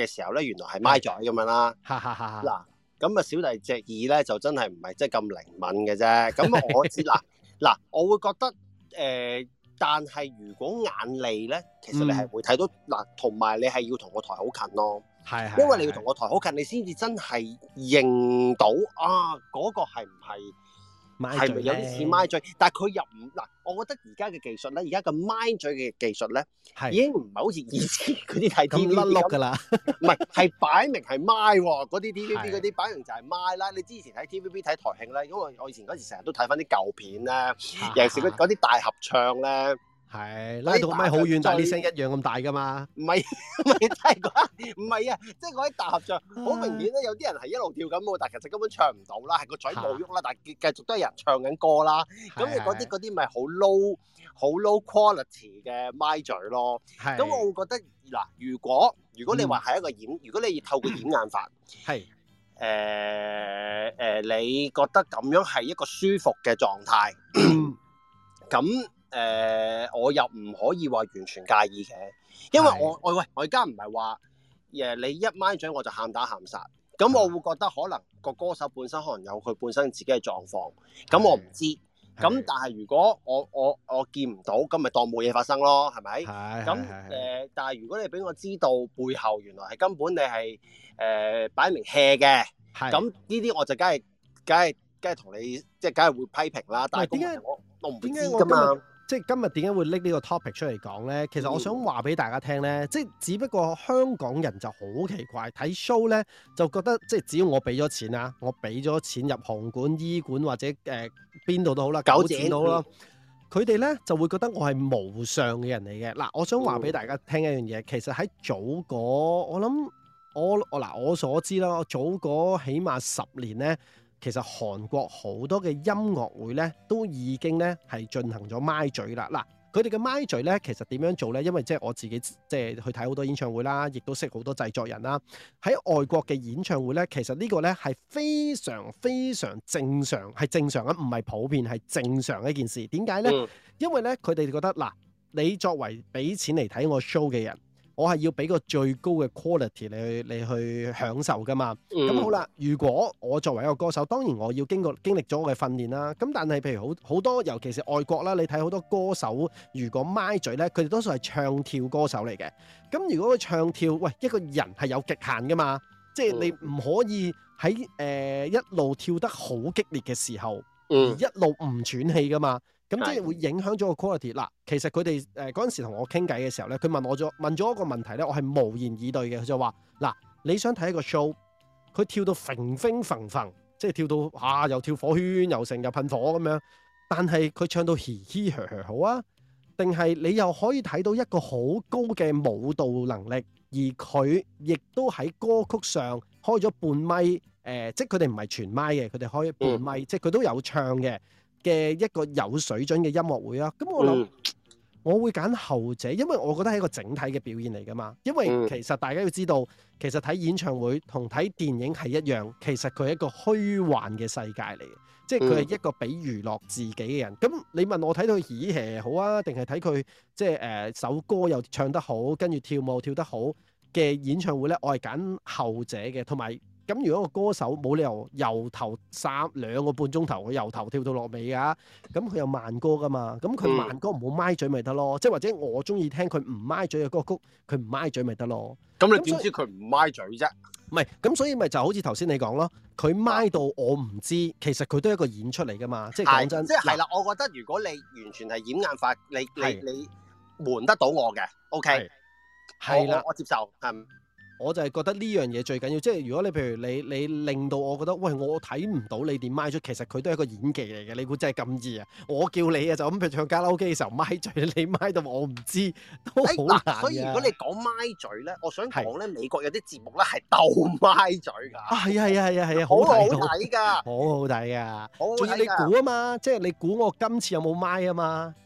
呃、時候咧，原來係咪咗咁樣啦。嗱，咁啊，小弟隻耳咧就真係唔係即係咁靈敏嘅啫。咁我知嗱嗱，我會覺得誒、呃，但係如果眼力咧，其實你係會睇到嗱，同埋、嗯、你係要同我抬好近咯、哦。係係，因為你要同我抬好近，你先至真係認到啊嗰、嗰個係唔係？係咪有啲似咪嘴？但係佢入唔嗱，我覺得而家嘅技術咧，而家嘅咪嘴嘅技術咧，係的已經唔係好似以前嗰啲睇 TVB 㗎啦。唔係， 係 擺明係咪喎。嗰啲 TVB 嗰啲擺明就係咪啦。你之前喺 TVB 睇台慶咧，因為我以前嗰時成日都睇翻啲舊片咧，尤其是嗰啲大合唱咧。啊啊係拉到個咪好遠，最但啲聲一樣咁大噶嘛？唔係唔係，即係唔係啊！即係嗰啲大合唱，好明顯咧，有啲人係一路跳緊舞，但其實根本唱唔到啦，係個嘴冇喐啦，啊、但繼續都係人唱緊歌啦。咁你嗰啲嗰啲咪好 low，好 low quality 嘅咪嘴咯。咁的我覺得嗱，如果如果你話係一個掩，嗯、如果你要透過掩眼法，係誒誒，你覺得咁樣係一個舒服嘅狀態咁？ 誒，我又唔可以話完全介意嘅，因為我，我喂，我而家唔係話，誒，你一掹獎我就喊打喊殺，咁我會覺得可能個歌手本身可能有佢本身自己嘅狀況，咁我唔知，咁但係如果我我我見唔到，咁咪當冇嘢發生咯，係咪？係咁誒，但係如果你俾我知道背後原來係根本你係誒擺明 hea 嘅，咁呢啲我就梗係梗係梗係同你即係梗係會批評啦。但係我我唔會知㗎嘛。即係今日點解會拎呢個 topic 出嚟講呢？其實我想話俾大家聽呢，即係、嗯、只不過香港人就好奇怪，睇 show 呢，就覺得即係只要我俾咗錢啊，我俾咗錢入紅館、醫館或者誒邊度都好啦，九點到咯。佢哋層呢就會覺得我係無上嘅人嚟嘅。嗱，我想話俾大家聽一樣嘢，嗯、其實喺早嗰，我諗我嗱，我，我所知啦，我早嗰起碼十年呢。其實韓國好多嘅音樂會咧，都已經咧係進行咗咪嘴啦。嗱，佢哋嘅咪嘴咧，其實點樣做咧？因為即係我自己即係去睇好多演唱會啦，亦都識好多製作人啦。喺外國嘅演唱會咧，其實呢個咧係非常非常正常，係正常啊，唔係普遍係正常一件事。點解咧？嗯、因為咧佢哋覺得嗱，你作為俾錢嚟睇我 show 嘅人，我係要俾個最高嘅 quality 你去你去享受噶嘛？咁、嗯、好啦，如果我作為一個歌手，當然我要經過經歷咗我嘅訓練啦。咁但係譬如好好多，尤其是外國啦，你睇好多歌手，如果咪嘴咧，佢哋多數係唱跳歌手嚟嘅。咁如果佢唱跳，喂，一個人係有極限噶嘛？即、就、係、是、你唔可以喺誒、呃、一路跳得好激烈嘅時候，嗯、一路唔喘氣噶嘛？咁即係會影響咗個 quality。嗱，其實佢哋誒嗰陣時同我傾偈嘅時候咧，佢問我咗問咗一個問題咧，我係無言以對嘅。佢就話：嗱，你想睇一個 show，佢跳，跳到縈縈縈縈，即係跳到嚇，又跳火圈，又成又噴火咁樣。但係佢唱到嘻嘻呵呵好啊，定係你又可以睇到一個好高嘅舞蹈能力，而佢亦都喺歌曲上開咗半咪誒、呃，即係佢哋唔係全咪嘅，佢哋開咗半咪，嗯、即係佢都有唱嘅。嘅一個有水準嘅音樂會啊，咁我諗我會揀後者，因為我覺得係一個整體嘅表現嚟噶嘛。因為其實大家要知道，其實睇演唱會同睇電影係一樣，其實佢係一個虛幻嘅世界嚟嘅，即係佢係一個俾娛樂自己嘅人。咁、嗯、你問我睇到咦誒好啊，定係睇佢即係誒首歌又唱得好，跟住跳舞跳得好嘅演唱會咧，我係揀後者嘅，同埋。咁如果個歌手冇理由由頭三兩個半鐘頭佢由頭跳到落尾噶，咁佢有慢歌噶嘛？咁佢慢歌唔好咪嘴咪得咯，即係或者我中意聽佢唔咪嘴嘅歌曲，佢唔咪嘴咪得咯。咁你點知佢唔咪嘴啫？唔係，咁所以咪就好似頭先你講咯，佢咪到我唔知，其實佢都係一個演出嚟噶嘛，即係講真，即係啦。我覺得如果你完全係掩眼法，你你你瞞得到我嘅，OK，係啦，我接受。我就係覺得呢樣嘢最緊要，即係如果你譬如你你令到我覺得，喂我睇唔到你點咪嘴，其實佢都係一個演技嚟嘅，你估真係咁易啊？我叫你啊，就咁譬如唱卡拉 OK 嘅時候咪嘴，你咪到我唔知都好難，啊哎、所以如果你講咪嘴咧，我想講咧，是美國有啲節目咧係鬥咪嘴㗎。係啊係啊係啊係啊，啊，好好睇㗎，好好睇㗎，仲要你估啊嘛，即係你估我今次有冇咪啊嘛。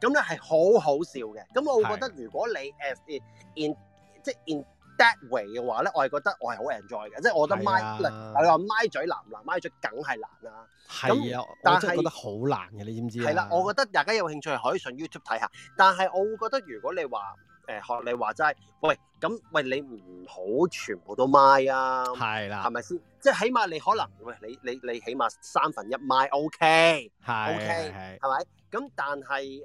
咁咧係好好笑嘅，咁我會覺得如果你誒 in in 即係 in that way 嘅話咧，我係覺得我係好 enjoy 嘅，即係我覺得咪嗱你話咪嘴難唔難？咪嘴梗係難啦，咁但係我真係覺得好難嘅，你知唔知啊？係啦，我覺得大家有興趣可以上 YouTube 睇下，但係我會覺得如果你話誒學你話齋，喂咁喂你唔好全部都咪啊，係啦，係咪先？即係起碼你可能喂你你你起碼三分一咪 OK，OK 係咪？咁、嗯、但係誒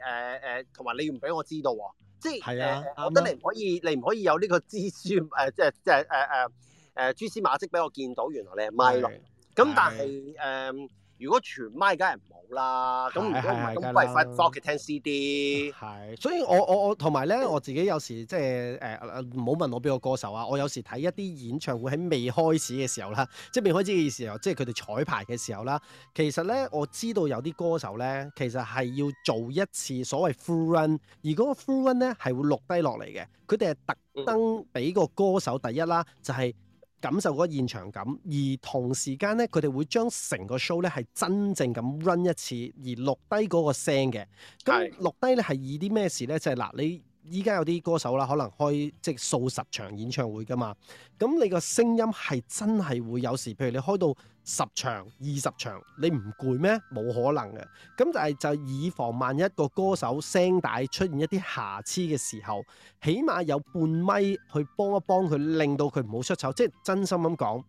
誒，同、呃、埋你要唔俾我知道喎？即、就、係、是、我覺得你唔可以，啊、你唔可以有呢個蛛絲誒，即係即係誒誒誒蛛絲馬跡俾我見到，原來你係賣落。咁但係誒。如果全麥梗係唔好啦，咁 如果咁貴翻 f o r CD，係，所以我我我同埋咧，我自己有時即係誒唔好問我邊個歌手啊，我有時睇一啲演唱會喺未開始嘅時候啦，即係未開始嘅時候，即係佢哋彩排嘅時候啦，其實咧我知道有啲歌手咧，其實係要做一次所謂 full run，而嗰個 full run 咧係會錄低落嚟嘅，佢哋係特登俾個歌手第一啦，就係、是。感受嗰個現場感，而同時間呢，佢哋會將成個 show 呢係真正咁 run 一次，而錄低嗰個聲嘅。咁是錄低呢係以啲咩事呢？就係、是、嗱，你依家有啲歌手啦，可能開即係數十場演唱會噶嘛。咁你個聲音係真係會有時，譬如你開到十場二十場，你唔攰咩？冇可能嘅。咁但係就以防萬一,一個歌手聲帶出現一啲瑕疵嘅時候，起碼有半咪去幫一幫佢，令到佢唔好出醜。即係真心咁講，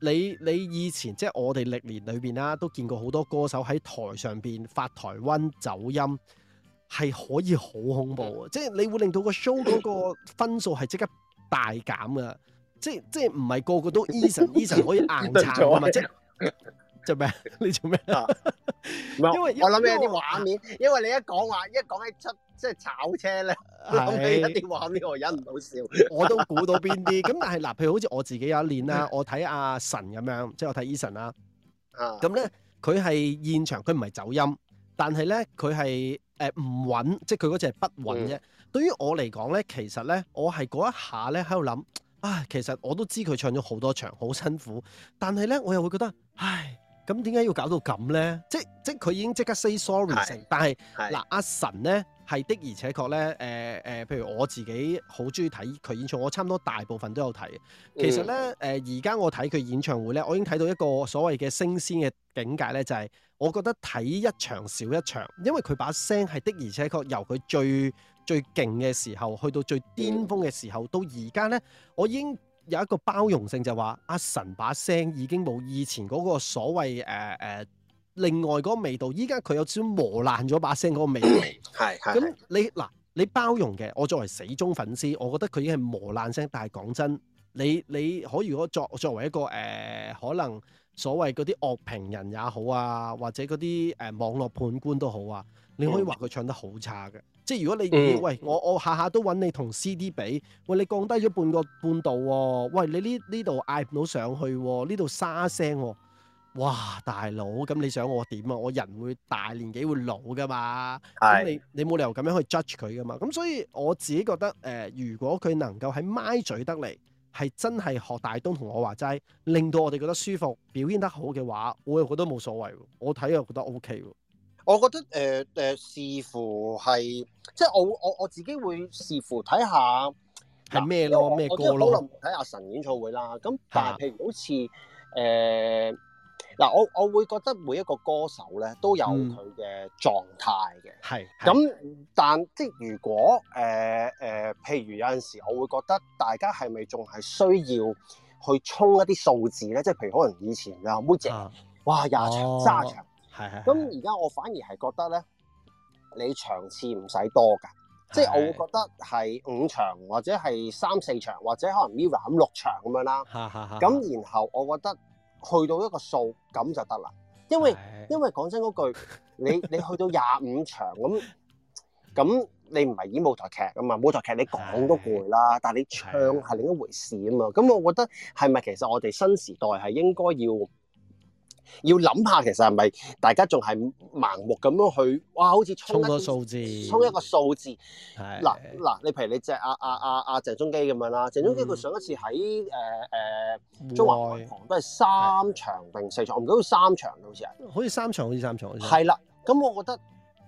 你你以前即係我哋歷年裏邊啦，都見過好多歌手喺台上邊發台瘟走音，係可以好恐怖。即係你會令到個 show 嗰個分數係即刻大減㗎。即係即係唔係個個都 Eason Eason 可以硬撐啊嘛？即係做咩？你做咩啊？因為我諗起啲畫面，因為你一講話一講起出即係炒車咧，咁你是一定畫面我忍唔到笑。 我都估到邊啲，咁但係嗱，譬如好似我自己有一年啦，我睇阿神咁樣，即係我睇 Eason 啦，啊，咁咧佢係現場，佢唔係走音，但係咧佢係誒唔穩，即係佢嗰隻係不穩啫。就是穩嗯、對於我嚟講咧，其實咧我係嗰一下咧喺度諗。啊，其實我都知佢唱咗好多場，好辛苦。但係呢，我又會覺得，唉，咁點解要搞到咁呢？即即佢已經即刻 say sorry 但係是嗱的、啊，阿神呢係的而且確呢。誒、呃、誒，譬如我自己好中意睇佢演唱，我差唔多大部分都有睇。其實呢，誒而家我睇佢演唱會呢，我已經睇到一個所謂嘅升仙嘅境界呢，就係、是、我覺得睇一場少一場，因為佢把聲係的而且確由佢最最勁嘅時候，去到最巔峰嘅時候，到而家呢，我已經有一個包容性就，就話阿神把聲已經冇以前嗰個所謂誒誒、呃呃，另外嗰個味道。依家佢有少少磨爛咗把聲嗰個味道。係係。咁 你嗱，你包容嘅，我作為死忠粉絲，我覺得佢已經係磨爛聲。但係講真，你你可如果作作為一個誒、呃，可能所謂嗰啲樂評人也好啊，或者嗰啲誒網絡判官都好啊，你可以話佢唱得好差嘅。嗯。即係如果你，嗯、喂，我我下下都揾你同 CD 比，喂，你降低咗半個半度，哦，喂你呢呢度嗌唔到上去喎，哦，呢度沙聲，哦，哇大佬，咁你想我點啊？我人會大年紀會老㗎嘛？咁是你你冇理由咁樣去 judge 佢㗎嘛？咁所以我自己覺得誒、呃、如果佢能夠喺咪嘴得嚟，係真係學大東同我話齋，令到我哋覺得舒服，表現得好嘅話，我又覺得冇所謂，我睇又覺得 OK。我覺得誒誒視乎係，即係我我我自己會視乎睇下係咩咯，咩歌咯。睇阿神演唱會啦。咁但係譬如好似誒嗱，我我會覺得每一個歌手咧都有佢嘅狀態嘅。係、嗯。咁但即如果誒誒、呃呃，譬如有陣時，我會覺得大家係咪仲係需要去衝一啲數字咧？即係譬如可能以前阿梅姐，嗯嗯、哇廿場、卅場。咁而家我反而係覺得咧，你場次唔使多噶，即係的我會覺得係五場或者係三四場或者可能 Mirror 咁六場咁樣啦。咁的然後我覺得去到一個數咁就得啦，因為的因為講真嗰句，你你去到廿五場咁，咁 你唔係演舞台劇啊嘛，舞台劇你講都攰啦，的但係你唱係另一回事啊嘛。咁我覺得係咪其實我哋新時代係應該要？要諗下，其實係咪大家仲係盲目咁樣去哇？好似衝多數字，衝一個數字。嗱嗱的，你譬、啊、如你只阿阿阿阿鄭中基咁樣啦，鄭中基佢上一次喺誒誒中環外行，都係三場定四場，唔的記得好似三場好似係，好似三場好似三場。係啦，咁我覺得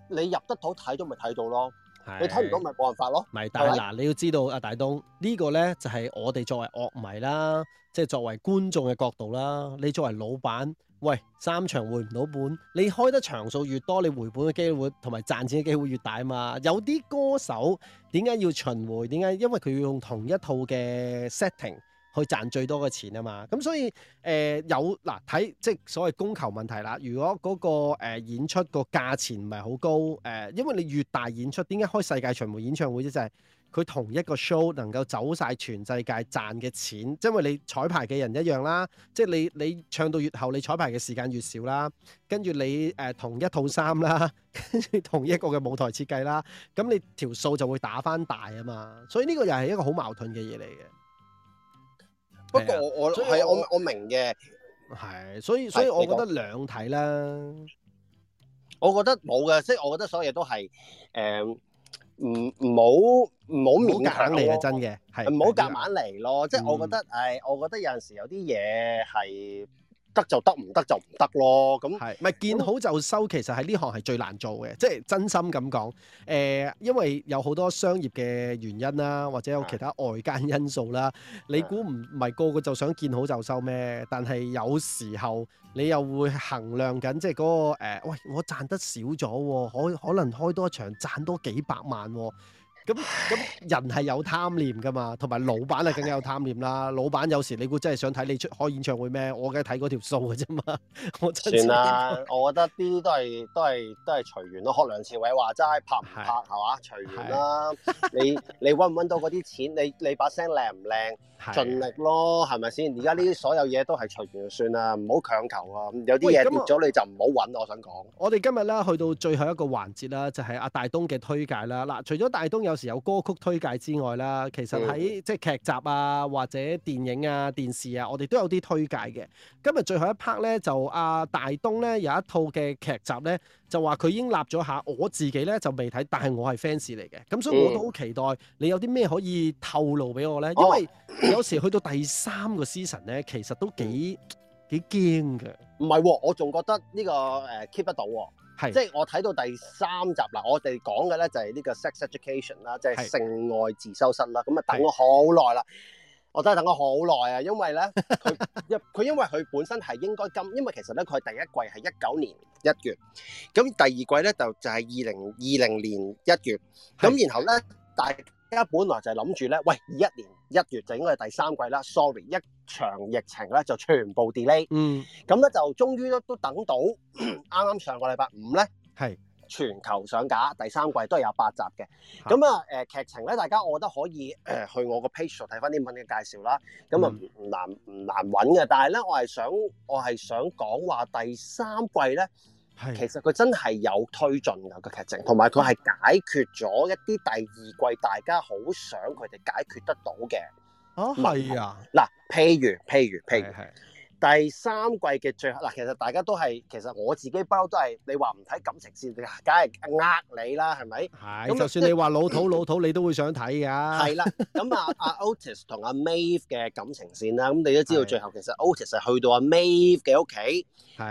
你入得到睇到咪睇到咯，的你睇唔到咪冇辦法咯。咪但係嗱，的你要知道阿大東呢、這個咧就係我哋作為樂迷啦，即、就、係、是、作為觀眾嘅角度啦，你作為老闆。喂，三場回唔到本，你開得場數越多，你回本嘅機會同埋賺錢嘅機會越大啊嘛！有啲歌手點解要巡迴？點解？因為佢要用同一套嘅 setting 去賺最多嘅錢啊嘛！咁所以誒、呃、有嗱睇、啊、即係所謂供求問題啦。如果嗰、嗰個、呃、演出個價錢唔係好高誒、呃，因為你越大演出，點解開世界巡迴演唱會啫？就係、係。佢同一個 show 能夠走晒全世界賺嘅錢，因為你彩排嘅人一樣啦，即係你你唱到越後，你彩排嘅時間越少啦，跟住你誒、呃、同一套衫啦，跟住同一個嘅舞台設計啦，咁你條數就會打返大啊嘛，所以呢個又係一個好矛盾嘅嘢嚟嘅。不過我、嗯、我係我我，我明嘅，係所以所以我覺得兩睇啦。我覺得冇嘅，即、就、係、是、我覺得所有嘢都係誒。嗯唔唔好唔好勉強嚟，真嘅，係唔好夾硬嚟咯。這即我覺得，誒，嗯、我覺得有陣時有啲嘢係。得就得，唔得就唔得咯。咁係，唔係見好就收，其實係呢行係最難做嘅，即係真心咁講。誒、呃，因為有好多商業嘅原因啦，或者有其他外間因素啦，你估唔係個個就想見好就收咩？但係有時候你又會衡量緊，即係嗰個、呃、喂，我賺得少咗，可可能開多一場賺多幾百萬、啊。咁咁人係有貪念㗎嘛，同埋老闆係更加有貪念啦。 老闆有時你估真係想睇你出開演唱會咩？我梗係睇嗰條數嘅啫嘛。我真算啦，我覺得啲都係都係都係隨緣咯。學梁朝偉話齋，拍唔拍係嘛？是隨緣啦是。 你你揾唔揾到嗰啲錢，你你把聲靚唔靚，是盡力咯，係咪先？而家呢啲所有嘢都係隨緣算啦，唔好強求啊。有啲嘢跌咗你就唔好揾，我想講。我哋今日咧去到最後一個環節啦，就係、是、阿大東嘅推介啦。嗱，除咗大東有。有時有歌曲推介之外啦，其實喺、嗯、即係劇集啊，或者電影啊、電視啊，我哋都有啲推介嘅。今日最後一 part 咧，就阿、啊、大東咧有一套嘅劇集咧，就話佢已經立咗下，我自己咧就未睇，但係我係 fans 嚟嘅，咁所以我都好期待你有啲咩可以透露俾我咧。因為有時去到第三個 season 咧，其實都幾幾驚嘅。唔係、哦 哦，我仲覺得呢、這個誒 keep 得到。呃是即係我睇到第三集啦，我哋講嘅咧就係呢個 sex education 啦，即係性愛自修室啦。咁啊是，等是咗好耐啦，我真係等咗好耐啊，因為咧佢佢因為佢本身係應該今，因為其實咧佢係第一季係一九年一月，咁第二季咧就就係二零二零年一月，咁然後咧是大家本來就諗住咧，喂，二一年。一月就應該係第三季啦，sorry 一場疫情咧就全部 delay，咁咧就終於都都等到啱啱上個禮拜五咧，係全球上架第三季都係有八集嘅，咁啊誒劇情咧大家我覺得可以誒去我個 page 度睇翻啲文嘅介紹啦，咁啊唔難唔難搵嘅，但係咧我係想我係想講話第三季咧。其實佢真係有推進噶個劇情，同埋佢係解決咗一啲第二季大家好想佢哋解決得到嘅。啊，係啊，嗱，譬如譬如譬如，是是第三季嘅最後嗱，其實大家都係，其實我自己包都係，你話唔睇感情線，梗係呃你啦，係咪？係是，就，就算你話老土老土，嗯、你都會想睇噶、啊。係 啦，咁啊啊 Otis 同阿 Maeve 嘅感情線啦，咁你都知道最後的其實 Otis 係去到阿 Maeve 嘅屋企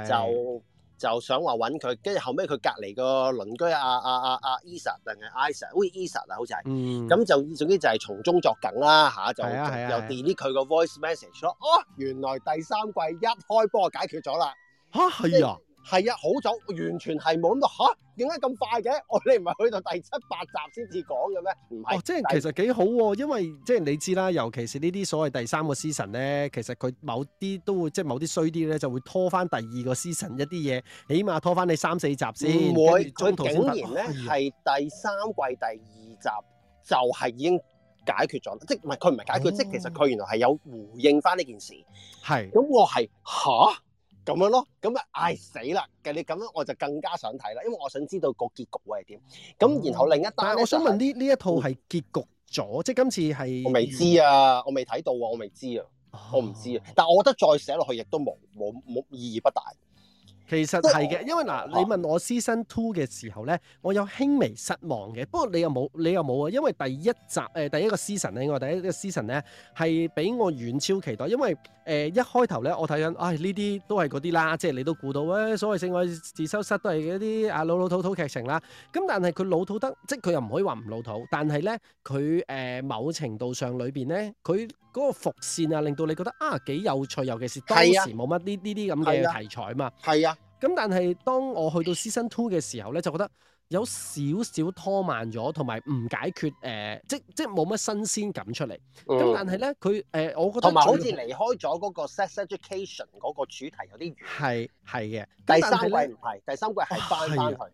就。就想話揾佢，跟住後尾佢隔離個鄰居啊，啊啊啊 Isa 定係 Isa，好似 Isa 啊，好似係，咁就總之就係從中作梗啦嚇，就又 delete 佢個 voice message 咯。啊啊、哦，原來第三季一開波解決咗啦。嚇係啊！係啊，好早完全係冇諗到吓，點解咁快嘅？我哋唔係去到第七八集先至講嘅咩？唔係，哦，即係其實幾好喎，啊，因為即係你知啦，尤其是呢啲所謂第三個 season 咧，其實佢某啲都會即係某啲衰啲咧，就會拖翻第二個 season 一啲嘢，起碼拖翻你三四集先。唔會，佢竟然咧係，哎，呀第三季第二集就係已經解決咗，即係唔係佢唔係解決，哦，即係其實佢原來係有回應翻呢件事。係是，咁我係吓。咁樣咯，咁啊唉死啦！其實你咁樣，我就更加想睇啦，因為我想知道個結局會係點。咁、嗯、然後另一單，但我想問呢呢、就係、一套係結局咗，嗯、即係今次係我未知啊，我未睇到啊，我未知啊，啊我唔知啊。但係我覺得再寫落去亦都冇冇冇意義不大。其實係嘅，因為嗱，你問我 Season Two 嘅時候咧，我有輕微失望嘅。不過你又冇，你又冇啊，因為第一集誒第一個 Season 咧，我第一個 Season 咧係畀我遠超期待。因為誒一開頭咧，我睇緊，唉呢啲都係嗰啲啦，即係你都估到啊。所謂聖愛自修室都係一啲啊老老土土劇情啦。咁但係佢老土得，即係佢又唔可以話唔老土。但係咧，佢誒某程度上裏邊咧，佢嗰個伏線啊，令到你覺得啊幾有趣，尤其是當時冇乜呢呢啲咁嘅題材嘛。係啊。咁但係當我去到 Season Two 嘅時候咧，就覺得有少少拖慢咗，同埋唔解決誒、呃，即即冇乜新鮮感出嚟。咁但係咧，佢誒、呃，我覺得好似離開咗嗰個 Sex Education 嗰個主題有啲遠。係係嘅，第三季唔係，第三季係翻翻去。啊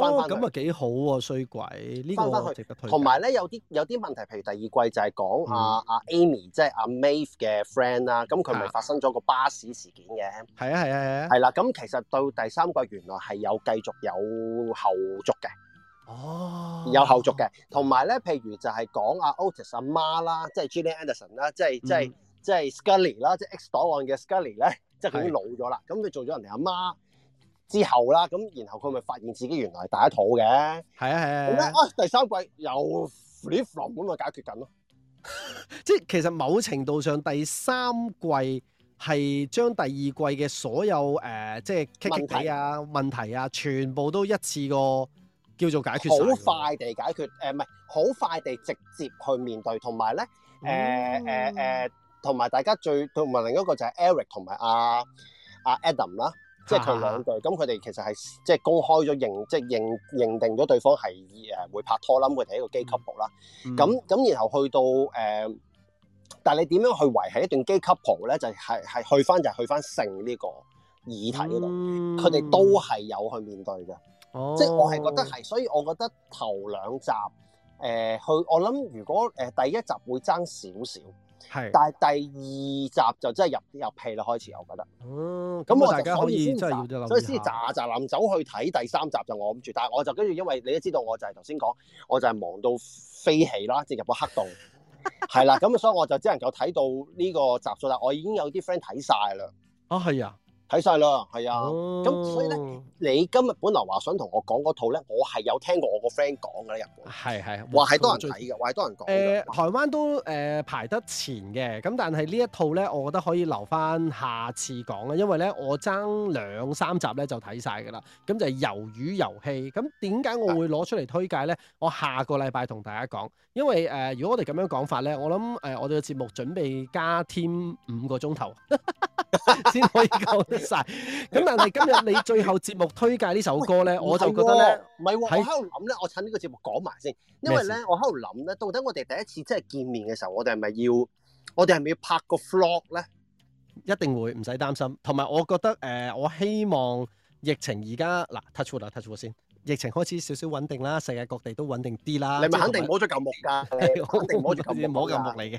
哦，咁啊幾好喎！衰鬼，呢個我值得推。同埋咧，有啲有啲問題，譬如第二季就係講阿、啊、阿、嗯、Amy，即係阿 Maeve 嘅 friend 啦。咁佢咪發生咗個巴士事件嘅？係啊係啊係。係啦，咁其實到第三季原來係有繼續有後續嘅。哦。有後續嘅，同埋咧，譬如就係講阿 Otis 阿媽啦，即係 Gillian Anderson 啦，即係即係即係 Scully 啦，即係 X 檔案嘅 Scully 咧，即係佢老咗啦。咁佢做咗人哋阿媽。之後啦，咁然後佢咪發現自己原來係大肚嘅，係啊係啊，咧啊，啊第三季又 reform 咁咪解決緊咯， 即係其實某程度上第三季係將第二季嘅所有誒、呃、即係問題啊問題啊全部都一次過叫做解決，好快地解決誒唔係好快地直接去面對，同埋咧誒誒誒，同、呃、埋、嗯呃呃、大家最同埋另一個就係 Eric 同埋阿阿 Adam 啦、啊。即係佢兩隊，咁佢哋其實係即係公開咗認，即係認認定咗對方係誒會拍拖，咁佢哋係一個 gay couple 啦。咁咁然後去到誒、呃，但係你點樣去維繫一段 gay couple 咧？就係、是、係去翻就係、是、去翻性呢個議題嗰度，佢哋、嗯、都係有去面對嘅。哦、即係我係覺得係，所以我覺得頭兩集誒、呃，去我諗如果誒第一集會爭少少。係， 但係第二集就真係入入戲啦，開始我覺得。嗯，咁、嗯嗯、我就要可以先，所以先咋咋臨走去睇第三集就我唔住，但係我就跟住，因為你都知道我就係頭先講，我就係忙到飛起啦，即、就、係、是、入個黑洞，係啦， 咁所以我就只能夠睇到呢個集數，但我已經有啲 friend 睇晒啦。 啊，係啊。睇晒啦，係啊，咁、嗯、所以咧，你今日本來話想同我講嗰套咧，我係有聽過我個 friend 講嘅咧，日本係係話係多人睇嘅，話係、嗯、多人講嘅。呃、台灣都誒、呃、排得前嘅，咁但係呢一套咧，我覺得可以留翻下次講啦，因為咧我爭兩三集咧就睇晒㗎啦，咁就係《魷魚遊戲》。咁點解我會攞出嚟推介咧？是我下個禮拜同大家講，因為誒、呃，如果我哋咁樣講法咧，我諗誒、呃，我哋嘅節目準備加添五個鐘頭先可以夠。 晒，咁但係今日你最後節目推介呢首歌咧，啊、我就覺得咧，唔係喎，我喺度諗咧，在我趁呢個節目講埋先，因為咧，我喺度諗咧，到底我哋第一次即係見面嘅時候，我哋係咪要，我哋係咪要拍個 Vlog 咧？一定會，唔使擔心。同埋，我覺得誒、呃，我希望疫情而家嗱，touch wood 啦，touch、啊、wood 先。疫情開始少少穩定啦，世界各地都穩定啲啦。你咪肯定摸咗嚿木㗎，有你肯定摸咗嚿摸嚿木嚟嘅。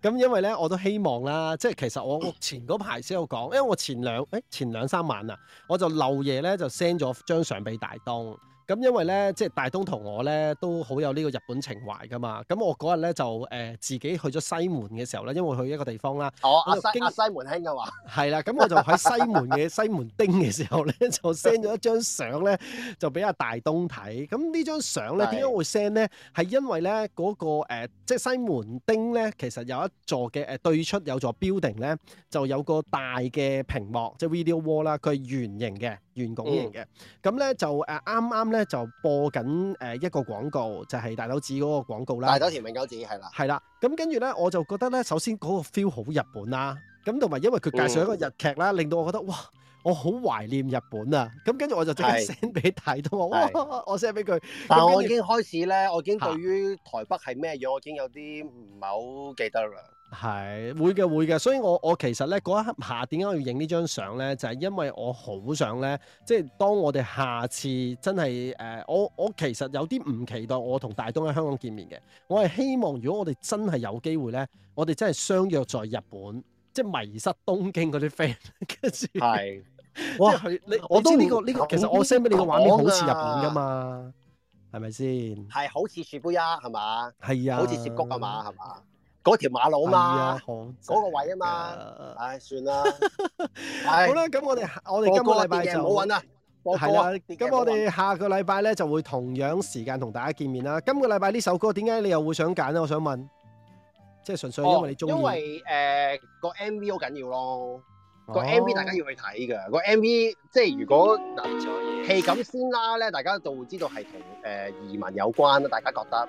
咁 因為咧，我都希望啦，即係其實我前嗰排先有講，因為我前兩誒、欸、前兩三晚啊，我就漏夜咧就 send 咗張相俾大東。咁因為咧，即係大東同我咧都好有呢個日本情懷噶嘛。咁我嗰日咧就誒、呃、自己去咗西門嘅時候咧，因為去一個地方啦。哦，亞西、啊、西門興嘅話係啦。咁我就喺西門嘅西門町嘅時候咧， 就 send 咗一張相咧，就俾阿大東睇。咁呢張相咧點解會 send 咧？係的因為咧、那、嗰個即係西門町咧，其實有一座嘅誒對出有座 building，咧，就有個大嘅屏幕，即、就、係、是、video wall 啦，佢係圓形嘅。圓拱形嘅，咁咧、嗯嗯、就誒啱啱咧就播緊誒、呃、一個廣告，就係、是、大豆田嗰個廣告啦。大豆田永久子係啦，係啦。咁跟住咧，我就覺得咧，首先嗰個 feel 好日本啦、啊，咁同埋因為佢介紹一個日劇啦，嗯、令到我覺得哇，我好懷念日本啊。咁跟住我就即刻 send 俾大東的，我 send 俾佢。但我已經開始咧，啊、我已經對於台北係咩樣，我已經有啲唔係好記得啦。係會嘅會嘅，所以我我其實咧嗰一刻下點解我要影呢張相咧？就係、是、因為我好想咧，即係當我哋下次真係誒、呃，我我其實有啲唔期待我同大東喺香港見面嘅，我係希望如果我哋真係有機會咧，我哋真係相約在日本，即係迷失東京嗰啲 friend。跟住是，係，哇！嗯、即你我你知呢個呢個，這個、其實我 send 俾你個畫面好似日本㗎嘛，係咪先？係好似 Shibuya，係嘛？係啊，好似涉谷啊嘛，係嘛？嗰條馬路嘛，嗰、啊、個位啊嘛，唉、啊哎，算啦。 好啦，咁我哋我哋今個禮拜就唔好揾啦。係啦，咁、啊啊、哥我哋下個禮拜咧就會同樣時間同大家見面啦。今個禮拜呢首歌點解你又會想揀咧？我想問，即係純粹因為你中意、哦，因為誒個 MV 好緊要咯，個 MV 大家要去睇噶。個 MV 即係如果係咁先啦咧，大家就會知道係同誒移民有關啦。大家覺得？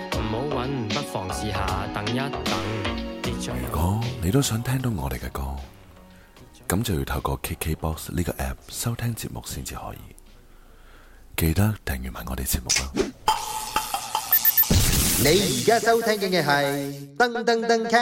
不妨試下等一等。如果你都想聽到我哋嘅歌，咁就要透過 K K Box 呢個 App 收聽節目先至可以。記得訂閱埋我哋節目啦！你而家收聽嘅嘢係噔噔噔卡